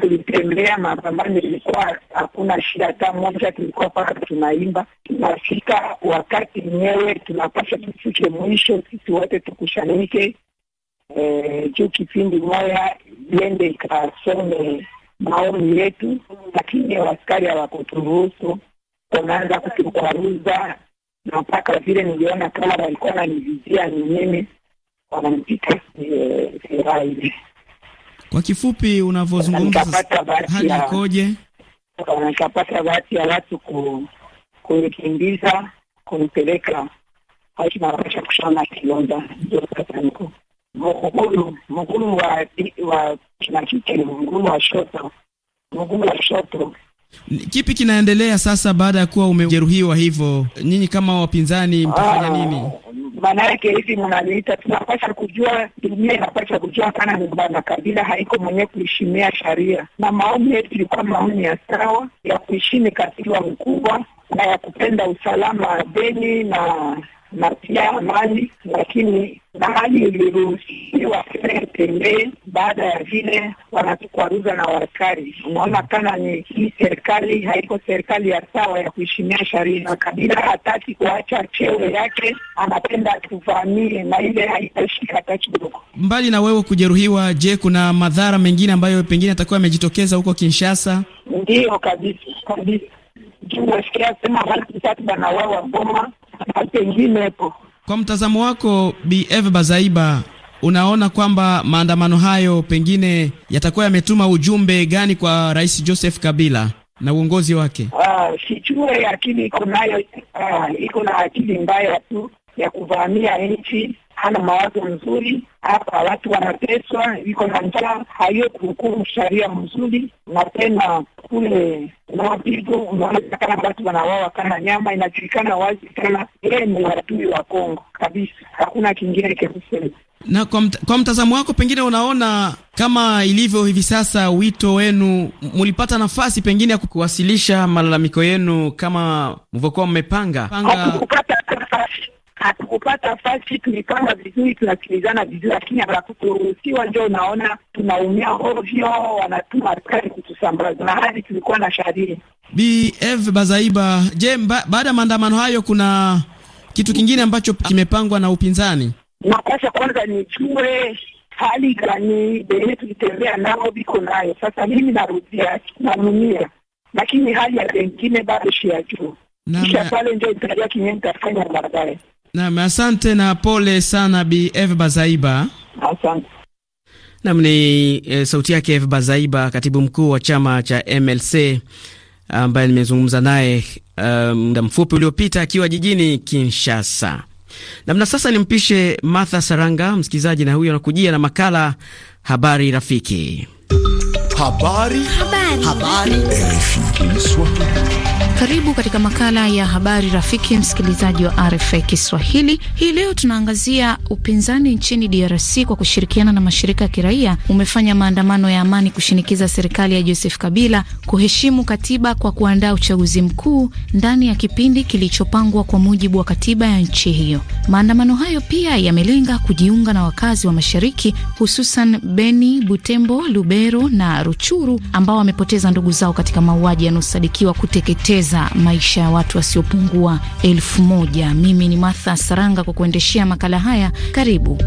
Tulitembea mapambano, ilikuwa hakuna shida hata moja, tulikuwa mpaka tunaimba. Tunafika wakati mwenyewe tunapasha tufike mwisho, sisi wote tukushanike eh, juu kipindi moya iende ikasome maoni yetu, lakini askari hawakuturuhusu, wanaanza kutukwaruza na mpaka vile niliona kama walikuwa wananivizia ni mimi wanampita siraa eh, eh, Kwa kifupi, unavyozungumza hali ikoje? Nikapata bahati ya watu ku, kunikimbiza kunipeleka haki marasha kushona kionda, ndio sasa niko mgulu mgulu wa wa kina kike, mgulu wa shoto, mgulu wa shoto Kipi kinaendelea sasa baada ya kuwa umejeruhiwa hivyo? Nyinyi kama wapinzani mtafanya ah, nini? Maana yake hivi mnaniita, tunapasha kujua, dunia inapasha kujua kana mubana kabila haiko mwenyewe kuheshimia sharia, na maoni yetu ilikuwa maoni ya sawa ya kuheshimu katiba mkubwa na ya kupenda usalama wa deni na na pia mali, lakini na iliruhusiwa tena itembee baada ya vile wanatukwaruza na waskari. Unaona kana ni hii serikali haiko serikali ya sawa ya kuheshimia sharia, na Kabila hataki kuacha cheo yake, anapenda tuvamie na ile haitashika hata kidogo. Mbali na wewe kujeruhiwa, je, kuna madhara mengine ambayo pengine atakuwa amejitokeza huko Kinshasa? Ndiyo kabisa kabisa, juu wasikia sema watu sasa banawawa Goma penginepo. Kwa mtazamo wako, Bi Eve Bazaiba, unaona kwamba maandamano hayo pengine yatakuwa yametuma ujumbe gani kwa Rais Joseph Kabila na uongozi wake? Uh, sijue, lakini iko nayo, uh, iko na akili mbaya tu ya kuvamia nchi hana mawazo mzuri. Hapa watu wanateswa, iko na njaa, haiyo kuhukumu sharia mzuri, na tena kule Nawapigo unaona kana watu wanawawa kana nyama, inajulikana wazi kana yeye ni watui wa Kongo kabisa, hakuna kingine kikusema na kwa, mta, kwa mtazamo wako pengine unaona kama ilivyo hivi sasa, wito wenu mulipata nafasi pengine ya kuwasilisha malalamiko yenu kama mlivyokuwa mmepanga? Hatukupata hatukupata fasi, tulipanga vizuri, tunasikilizana vizuri, lakini hatukuruhusiwa. Ndio unaona tunaumia ovyo, wanatuma askari kutusambaza na hadi tulikuwa na sharii. Bi Eve Bazaiba, je, baada ya maandamano hayo kuna kitu kingine ambacho kimepangwa na upinzani? Napasha kwanza nijue hali gani benye tulitembea nao viko nayo sasa. Mimi narudia namumia, lakini hali ya pengine bado shia juu, kisha pale ndio italia kinye nitafanya baadaye. Nam, asante na pole sana Bi Eve Bazaiba. Asante. Nam ni e, sauti yake Eve Bazaiba, katibu mkuu wa chama cha MLC ambaye nimezungumza naye eh, muda um, mfupi uliopita akiwa jijini Kinshasa. Namna sasa nimpishe Martha Saranga msikilizaji, na huyo anakujia na makala habari rafiki. Habari. Habari. Habari. Karibu katika makala ya habari rafiki, msikilizaji wa RFI Kiswahili. Hii leo tunaangazia upinzani nchini DRC kwa kushirikiana na mashirika ya kiraia umefanya maandamano ya amani kushinikiza serikali ya Joseph Kabila kuheshimu katiba kwa kuandaa uchaguzi mkuu ndani ya kipindi kilichopangwa kwa mujibu wa katiba ya nchi hiyo. Maandamano hayo pia yamelenga kujiunga na wakazi wa mashariki hususan Beni, Butembo, Lubero na Rutshuru ambao wamepoteza ndugu zao katika mauaji yanayosadikiwa kuteketeza maisha ya watu wasiopungua elfu moja. Mimi ni Martha Saranga kwa kuendeshea makala haya. Karibu.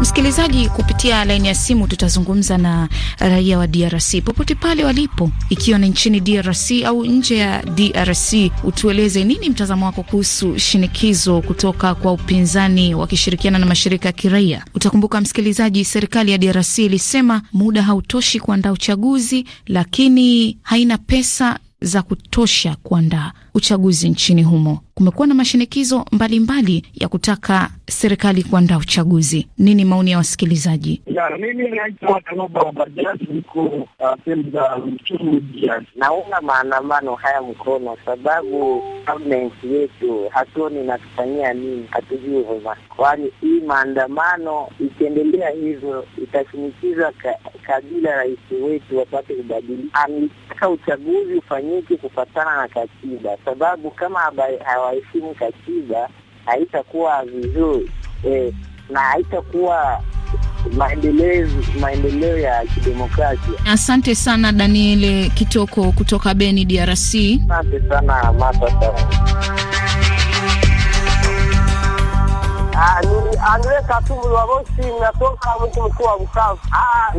Msikilizaji, kupitia laini ya simu tutazungumza na raia wa DRC popote pale walipo, ikiwa ni nchini DRC au nje ya DRC. Utueleze nini mtazamo wako kuhusu shinikizo kutoka kwa upinzani wakishirikiana na mashirika ya kiraia. Utakumbuka msikilizaji, serikali ya DRC ilisema muda hautoshi kuandaa uchaguzi, lakini haina pesa za kutosha kuandaa uchaguzi nchini humo. Kumekuwa na mashinikizo mbalimbali mbali ya kutaka serikali kuandaa uchaguzi. Nini maoni ya wasikilizaji? Ya, mimi naitwa Tanoba Wabajasi, niko ah, sehemu za mchumi jiani. Naona maandamano haya mkono, sababu government yetu hatuoni inatufanyia nini, hatujui vema, kwani hii maandamano ikiendelea hivyo itashinikiza ka, kabila rais wetu wapate kubadilika. Ametaka uchaguzi ufanyike kufatana na katiba sababu kama hawaheshimu katiba haitakuwa vizuri e, na haitakuwa maendeleo ya kidemokrasia. Asante sana daniele Kitoko kutoka Beni, DRC. Asante sana Mata. Ah, Andre Katumbu wa Bosi, mnatoka mji mkuu wa Bukavu. Ah,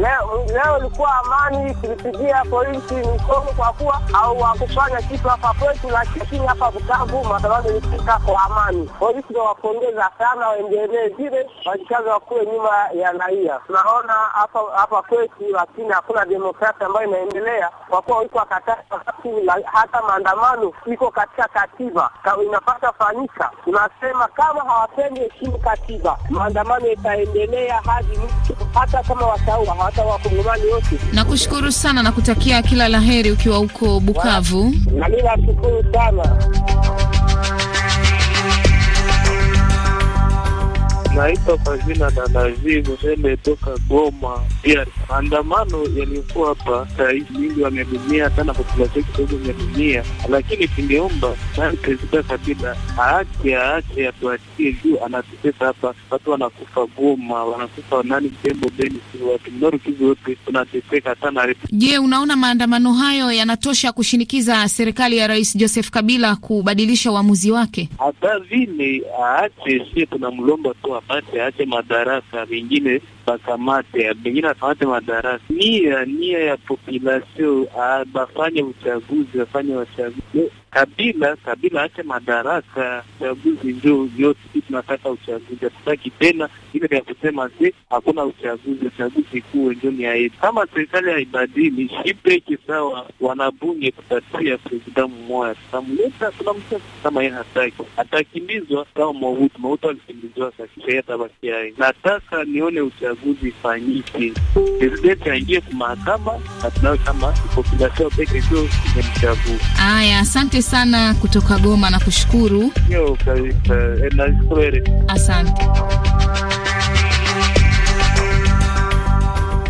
leo ilikuwa amani, tulipigia polisi mikono kwa kuwa au wakufanya kitu hapa kwetu, lakini hapa Bukavu maandamano ilifika kwa amani. Polisi ndio wapongeza sana, waendelee vile, wajikaze wakuwe nyuma ya raia. Tunaona hapa hapa kwetu, lakini hakuna demokrasia ambayo inaendelea kwa kuwa iko hata maandamano iko katika katiba inapata fanyika. Tunasema kama hawapendi kuheshimu katiba, maandamano yataendelea hadi mtu hata kama wasahau hawata wakongomani wote. Nakushukuru sana na kutakia kila laheri ukiwa huko Bukavu. Na mimi nashukuru sana. Naitwa kwa jina la Nazi Zele toka Goma. Pia maandamano yaliyokuwa hapa sahizi mingi wamedumia sana, population kidogo imedumia, lakini tungeomba President Kabila aache aache atuachie, juu anatutesa hapa, watu wanakufa Goma, wanakufa nani Tembo, Beni, watu Nord Kivu wote tunateseka sana. Je, unaona maandamano hayo yanatosha kushinikiza serikali ya Rais Joseph Kabila kubadilisha uamuzi wake? Hata vile aache, sie tunamlomba tu wapate hata madarasa, wengine bakamate, vingine wakamate madarasa. Nia nia ya population ah, bafanye uchaguzi, wafanye wachaguzi kabila kabila, acha madarasa, uchaguzi ndio yote. Si tunataka uchaguzi, hatutaki tena ile vya kusema si hakuna uchaguzi, uchaguzi kuwe njo ni aidi. Kama serikali haibadili shipeke, sawa, wanabunge kutatia presida mmoja, tutamleta tunamta kama yeye hataki, atakimbizwa kama Mauti. Mauti alikimbizwa sasa Kaberha Bakiai. Nataka nione uchaguzi ifanyike, presidenti aingie kwa mahakama na tunawe kama populasio peke ndio imemchagua. Haya, asante sana kutoka Goma eh, na kushukuru. Ndio kabisa, nashukuru, asante.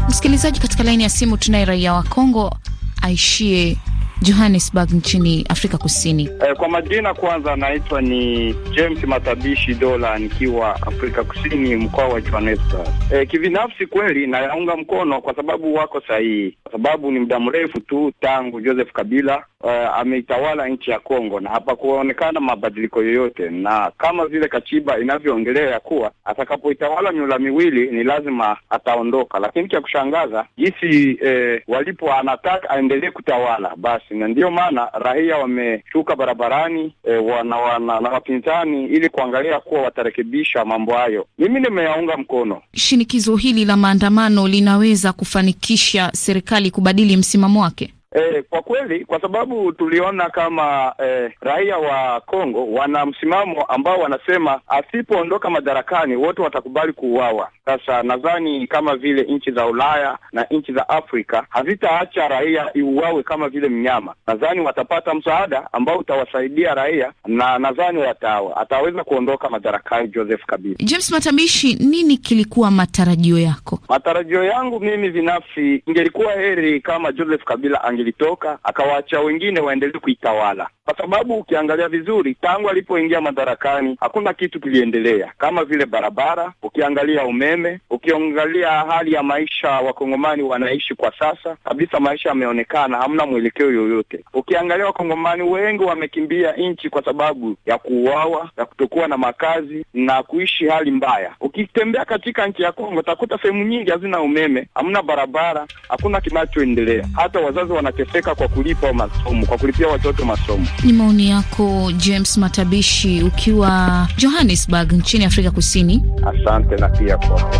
Msikilizaji, katika laini ya simu tunaye raia wa Kongo aishie Johannesburg nchini Afrika Kusini. Eh, kwa majina kwanza anaitwa ni James Matabishi Dola, nikiwa Afrika Kusini, mkoa wa Johannesburg. Eh, kivinafsi kweli nayaunga mkono kwa sababu wako sahihi, kwa sababu ni muda mrefu tu tangu Joseph Kabila Uh, ameitawala nchi ya Kongo na hapakuonekana mabadiliko yoyote, na kama vile katiba inavyoongelea ya kuwa atakapoitawala miula miwili ni lazima ataondoka. Lakini cha kushangaza jinsi eh, walipo anataka aendelee kutawala, basi binafsi, na ndiyo maana raia wameshuka barabarani e, wana, wana, na wapinzani ili kuangalia kuwa watarekebisha mambo hayo. Mimi nimeyaunga mkono. Shinikizo hili la maandamano linaweza kufanikisha serikali kubadili msimamo wake. E, kwa kweli kwa sababu tuliona kama e, raia wa Kongo wana msimamo ambao wanasema asipoondoka madarakani wote watakubali kuuawa. Sasa nadhani kama vile nchi za Ulaya na nchi za Afrika hazitaacha raia iuawe kama vile mnyama. Nadhani watapata msaada ambao utawasaidia raia na nadhani watawa ataweza kuondoka madarakani Joseph Kabila. James Matamishi, nini kilikuwa matarajio yako? Matarajio yangu mimi binafsi, ingelikuwa heri kama Joseph Kabila ange nilitoka, akawaacha wengine waendelee kuitawala, kwa sababu ukiangalia vizuri, tangu alipoingia madarakani hakuna kitu kiliendelea, kama vile barabara, ukiangalia umeme, ukiangalia hali ya maisha wakongomani wanaishi kwa sasa kabisa, maisha yameonekana hamna mwelekeo yoyote. Ukiangalia wakongomani wengi wamekimbia nchi kwa sababu ya kuuawa, ya kutokuwa na makazi na kuishi hali mbaya. Ukitembea katika nchi ya Kongo utakuta sehemu nyingi hazina umeme, hamna barabara, hakuna kinachoendelea, hata wazazi wana wanateseka kwa kulipa masomo, kwa kulipia watoto masomo. Ni maoni yako James Matabishi ukiwa Johannesburg nchini Afrika Kusini. Asante na pia kwa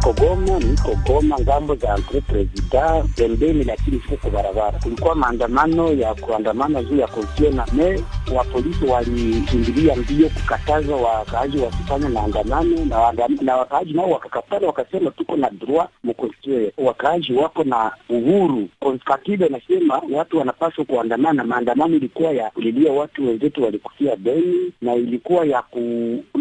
niko Goma, niko Goma ngambo za Entre President pembeni, lakini siko barabara. Kulikuwa maandamano ya kuandamana juu ya konsiona me, wapolisi walikimbilia mbio kukataza wakaaji wasifanya maandamano, na wakaaji nao wakakatana, wakasema tuko na droit mkonstitue, wakaaji wako na uhuru. Katiba inasema watu wanapaswa kuandamana. Maandamano ilikuwa ya kulilia watu wenzetu walikufia Beni na ilikuwa ya ku,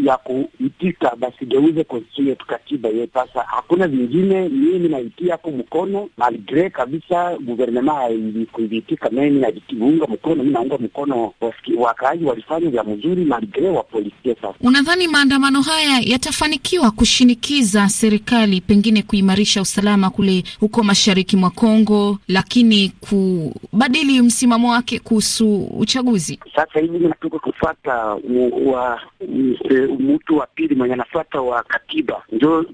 ya kuitika basi geuze konstitue yetu katiba yetu sasa hakuna vingine. Mimi naitia hapo mkono malgre kabisa guvernema haikuivitika, mimi naunga mkono, mi naunga mkono wakaaji, walifanya vya mzuri malgre wa polisia. Sasa unadhani maandamano haya yatafanikiwa kushinikiza serikali pengine kuimarisha usalama kule huko mashariki mwa Kongo, lakini kubadili msimamo wake kuhusu uchaguzi? Sasa hivi natuko kufata e, mtu wa pili mwenye anafata wa katiba njo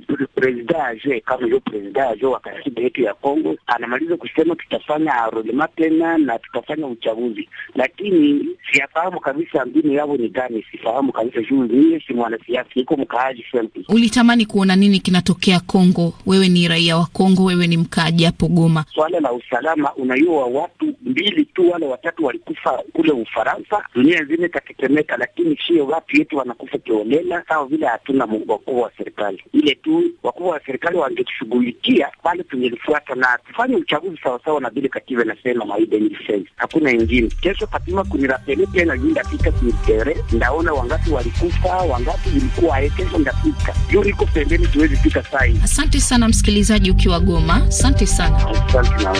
president ajue kama yo president ajue wa katiba yetu ya Kongo, anamaliza kusema tutafanya arolema tena na tutafanya uchaguzi, lakini siyafahamu kabisa mbinu yao ni gani, sifahamu kabisa juu niye si mwanasiasa, iko mkaaji sempi. Ulitamani kuona nini kinatokea Kongo? Wewe ni raia wa Kongo, wewe ni mkaaji hapo Goma. Swala la usalama, unayua watu mbili tu wale watatu walikufa kule Ufaransa, dunia nzima ikatetemeka, lakini sio watu yetu wanakufa kiolela, sawa vile hatuna wakuu wa serikali ile tu wakuu wa serikali wangetushughulikia bali tungelifuata na tufanye uchaguzi sawasawa na vile katiba inasema maidenisense, hakuna ingine. Kesho Fatima kunirapele tena juu ndafika kuitere, ndaona wangapi walikufa, wangapi ilikuwa ae, kesho ndafika juu liko pembeni, tuwezi fika sai. Asante sana msikilizaji ukiwa Goma, asante sana, asante na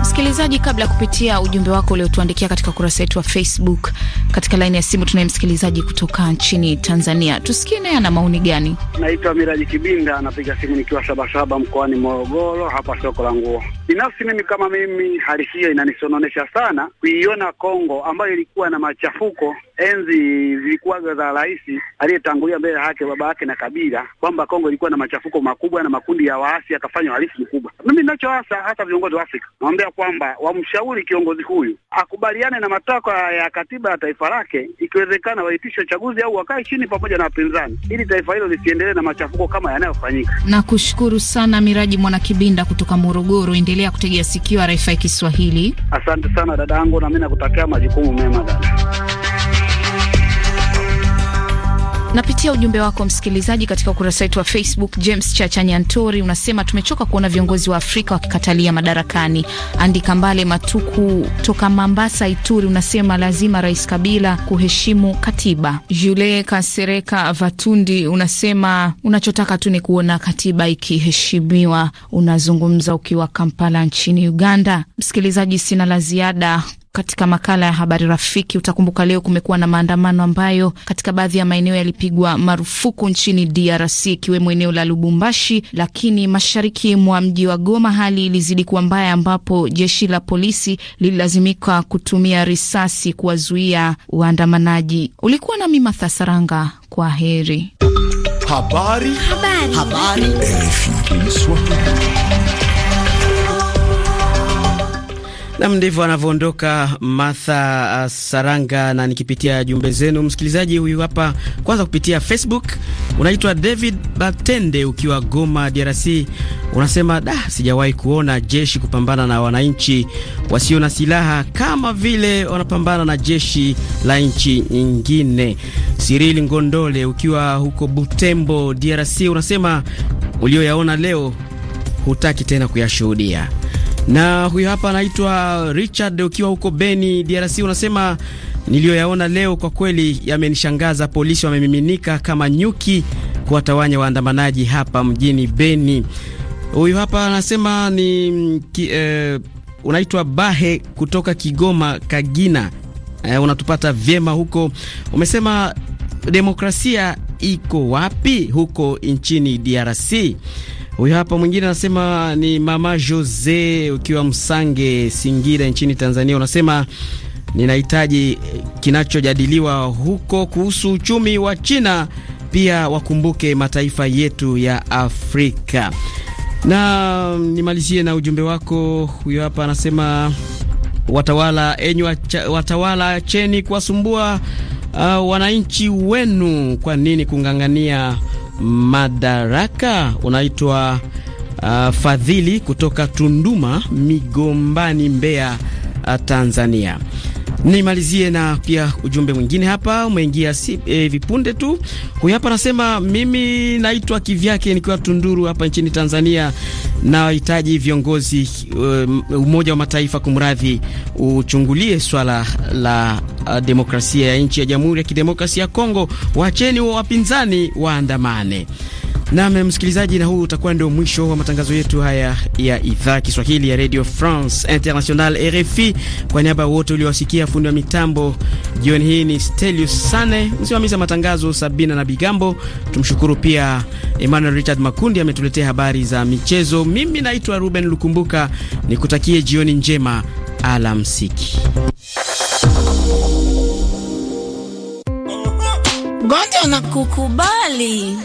msikilizaji, kabla ya kupitia ujumbe wako uliotuandikia katika ukurasa wetu wa Facebook, katika laini ya simu tunaye msikilizaji kutoka nchini Tanzania. Tusikie naye ana maoni gani. Naitwa Miraji Kibinda, anapiga simu nikiwa Sabasaba mkoani Morogoro, hapa soko la nguo. Binafsi mimi kama mimi, hali hiyo inanisononesha sana kuiona Kongo ambayo ilikuwa na machafuko enzi zilikuwaga za rais aliyetangulia mbele yake baba yake na Kabila, kwamba Kongo ilikuwa na machafuko makubwa na makundi ya waasi yakafanya uhalifu mkubwa. Mimi ninachoasa hasa viongozi wa Afrika naombea kwamba wamshauri kiongozi huyu akubaliane na matakwa ya katiba ya taifa taifa lake, ikiwezekana waitishe uchaguzi au wakae chini pamoja na wapinzani, ili taifa hilo lisiendelee na machafuko kama yanayofanyika. Nakushukuru sana Miraji Mwanakibinda kutoka Morogoro. Endelea kutegea sikio RFI Kiswahili. Asante sana dada yangu, na mi nakutakia majukumu mema dada. Napitia ujumbe wako msikilizaji katika ukurasa wetu wa Facebook. James Chacha Nyantori unasema tumechoka kuona viongozi wa Afrika wakikatalia madarakani. Andika Mbale Matuku toka Mambasa, Ituri unasema lazima Rais Kabila kuheshimu katiba. Jule Kasereka Vatundi unasema unachotaka tu ni kuona katiba ikiheshimiwa. Unazungumza ukiwa Kampala nchini Uganda. Msikilizaji, sina la ziada katika makala ya habari rafiki, utakumbuka leo kumekuwa na maandamano ambayo katika baadhi ya maeneo yalipigwa marufuku nchini DRC ikiwemo eneo la Lubumbashi, lakini mashariki mwa mji wa Goma hali ilizidi kuwa mbaya, ambapo jeshi la polisi lililazimika kutumia risasi kuwazuia waandamanaji. Ulikuwa nami Martha kwa heri. habari. Habari. Habari. Nam, ndivyo anavyoondoka Martha uh, Saranga. Na nikipitia jumbe zenu, msikilizaji huyu hapa kwanza kupitia Facebook. Unaitwa David Batende ukiwa Goma, DRC, unasema da, sijawahi kuona jeshi kupambana na wananchi wasio na silaha kama vile wanapambana na jeshi la nchi nyingine. siril Ngondole ukiwa huko Butembo, DRC, unasema ulioyaona leo hutaki tena kuyashuhudia. Na huyo hapa anaitwa Richard, ukiwa huko Beni DRC, unasema niliyoyaona leo kwa kweli yamenishangaza. Polisi wamemiminika kama nyuki kuwatawanya waandamanaji hapa mjini Beni. Huyu hapa anasema ni ki, eh, unaitwa Bahe kutoka Kigoma Kagina. Eh, unatupata vyema huko. Umesema demokrasia iko wapi huko nchini DRC? Huyu hapa mwingine anasema ni mama Jose, ukiwa Msange Singida nchini Tanzania, unasema ninahitaji kinachojadiliwa huko kuhusu uchumi wa China, pia wakumbuke mataifa yetu ya Afrika. Na nimalizie na ujumbe wako, huyo hapa anasema watawala, enyi watawala, cheni kuwasumbua uh, wananchi wenu. Kwa nini kung'ang'ania madaraka unaitwa uh, Fadhili kutoka Tunduma Migombani, Mbeya, uh, Tanzania. Nimalizie na pia ujumbe mwingine hapa umeingia si, e, vipunde tu. Huyu hapa anasema mimi naitwa kivyake nikiwa Tunduru hapa nchini Tanzania, nahitaji viongozi e, Umoja wa Mataifa kumradhi, uchungulie swala la a, demokrasia ya nchi ya Jamhuri ya Kidemokrasia ya Kongo. Wacheni wa wapinzani waandamane. Nam msikilizaji, na huu utakuwa ndio mwisho wa matangazo yetu haya ya idhaa Kiswahili ya Radio France International, RFI. Kwa niaba ya wote uliowasikia, fundi wa mitambo jioni hii ni Stelius Sane, msimamizi wa matangazo Sabina na Bigambo. Tumshukuru pia Emmanuel Richard Makundi ametuletea habari za michezo. Mimi naitwa Ruben Lukumbuka, nikutakie jioni njema, alamsiki. Gonja na kukubali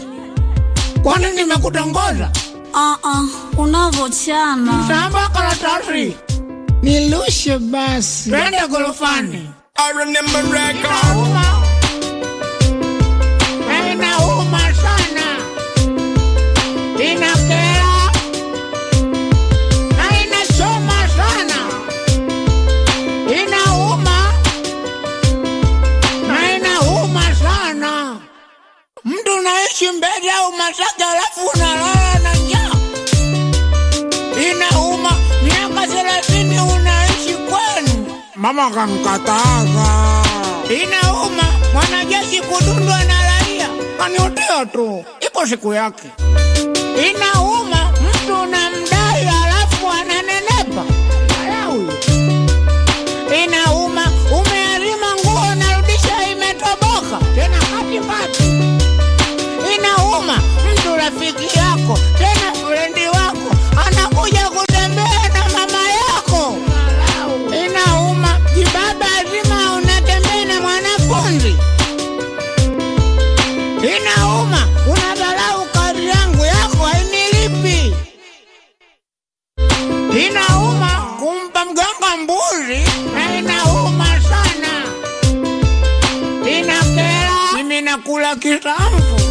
Kwani nimekutongoza? Ah ah, uh-uh. unavochana. Samba karatasi. Nilushe basi. Twende golofani. I remember record. Inauma sana. Inauma. unaishi mbele au Masaki alafu unalala na njaa inauma. Miaka thelathini unaishi kwenu. Mama kankataza, inauma mwanajeshi kudundwa na raia, kaniotea tu, ipo siku yake inauma. aquí Rambo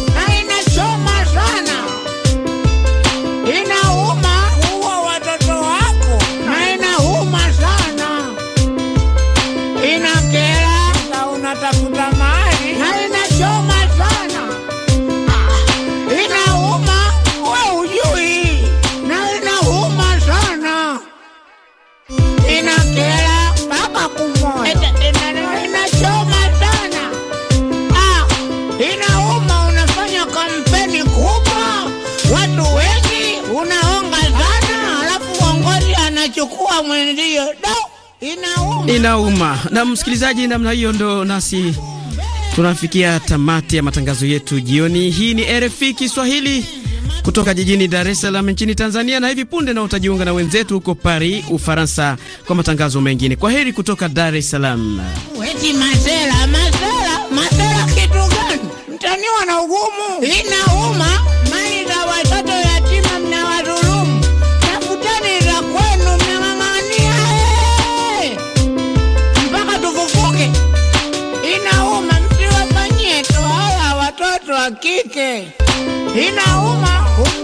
inauma. Na msikilizaji, namna hiyo ndo nasi tunafikia tamati ya matangazo yetu jioni hii. Ni RFI Kiswahili kutoka jijini Dar es Salaam nchini Tanzania, na hivi punde na utajiunga na wenzetu huko Paris, Ufaransa, kwa matangazo mengine. Kwa heri kutoka Dar es Salaam. Weti masela, masela, masela kitu gani? Mtaniwa na ugumu, inauma. Quique y un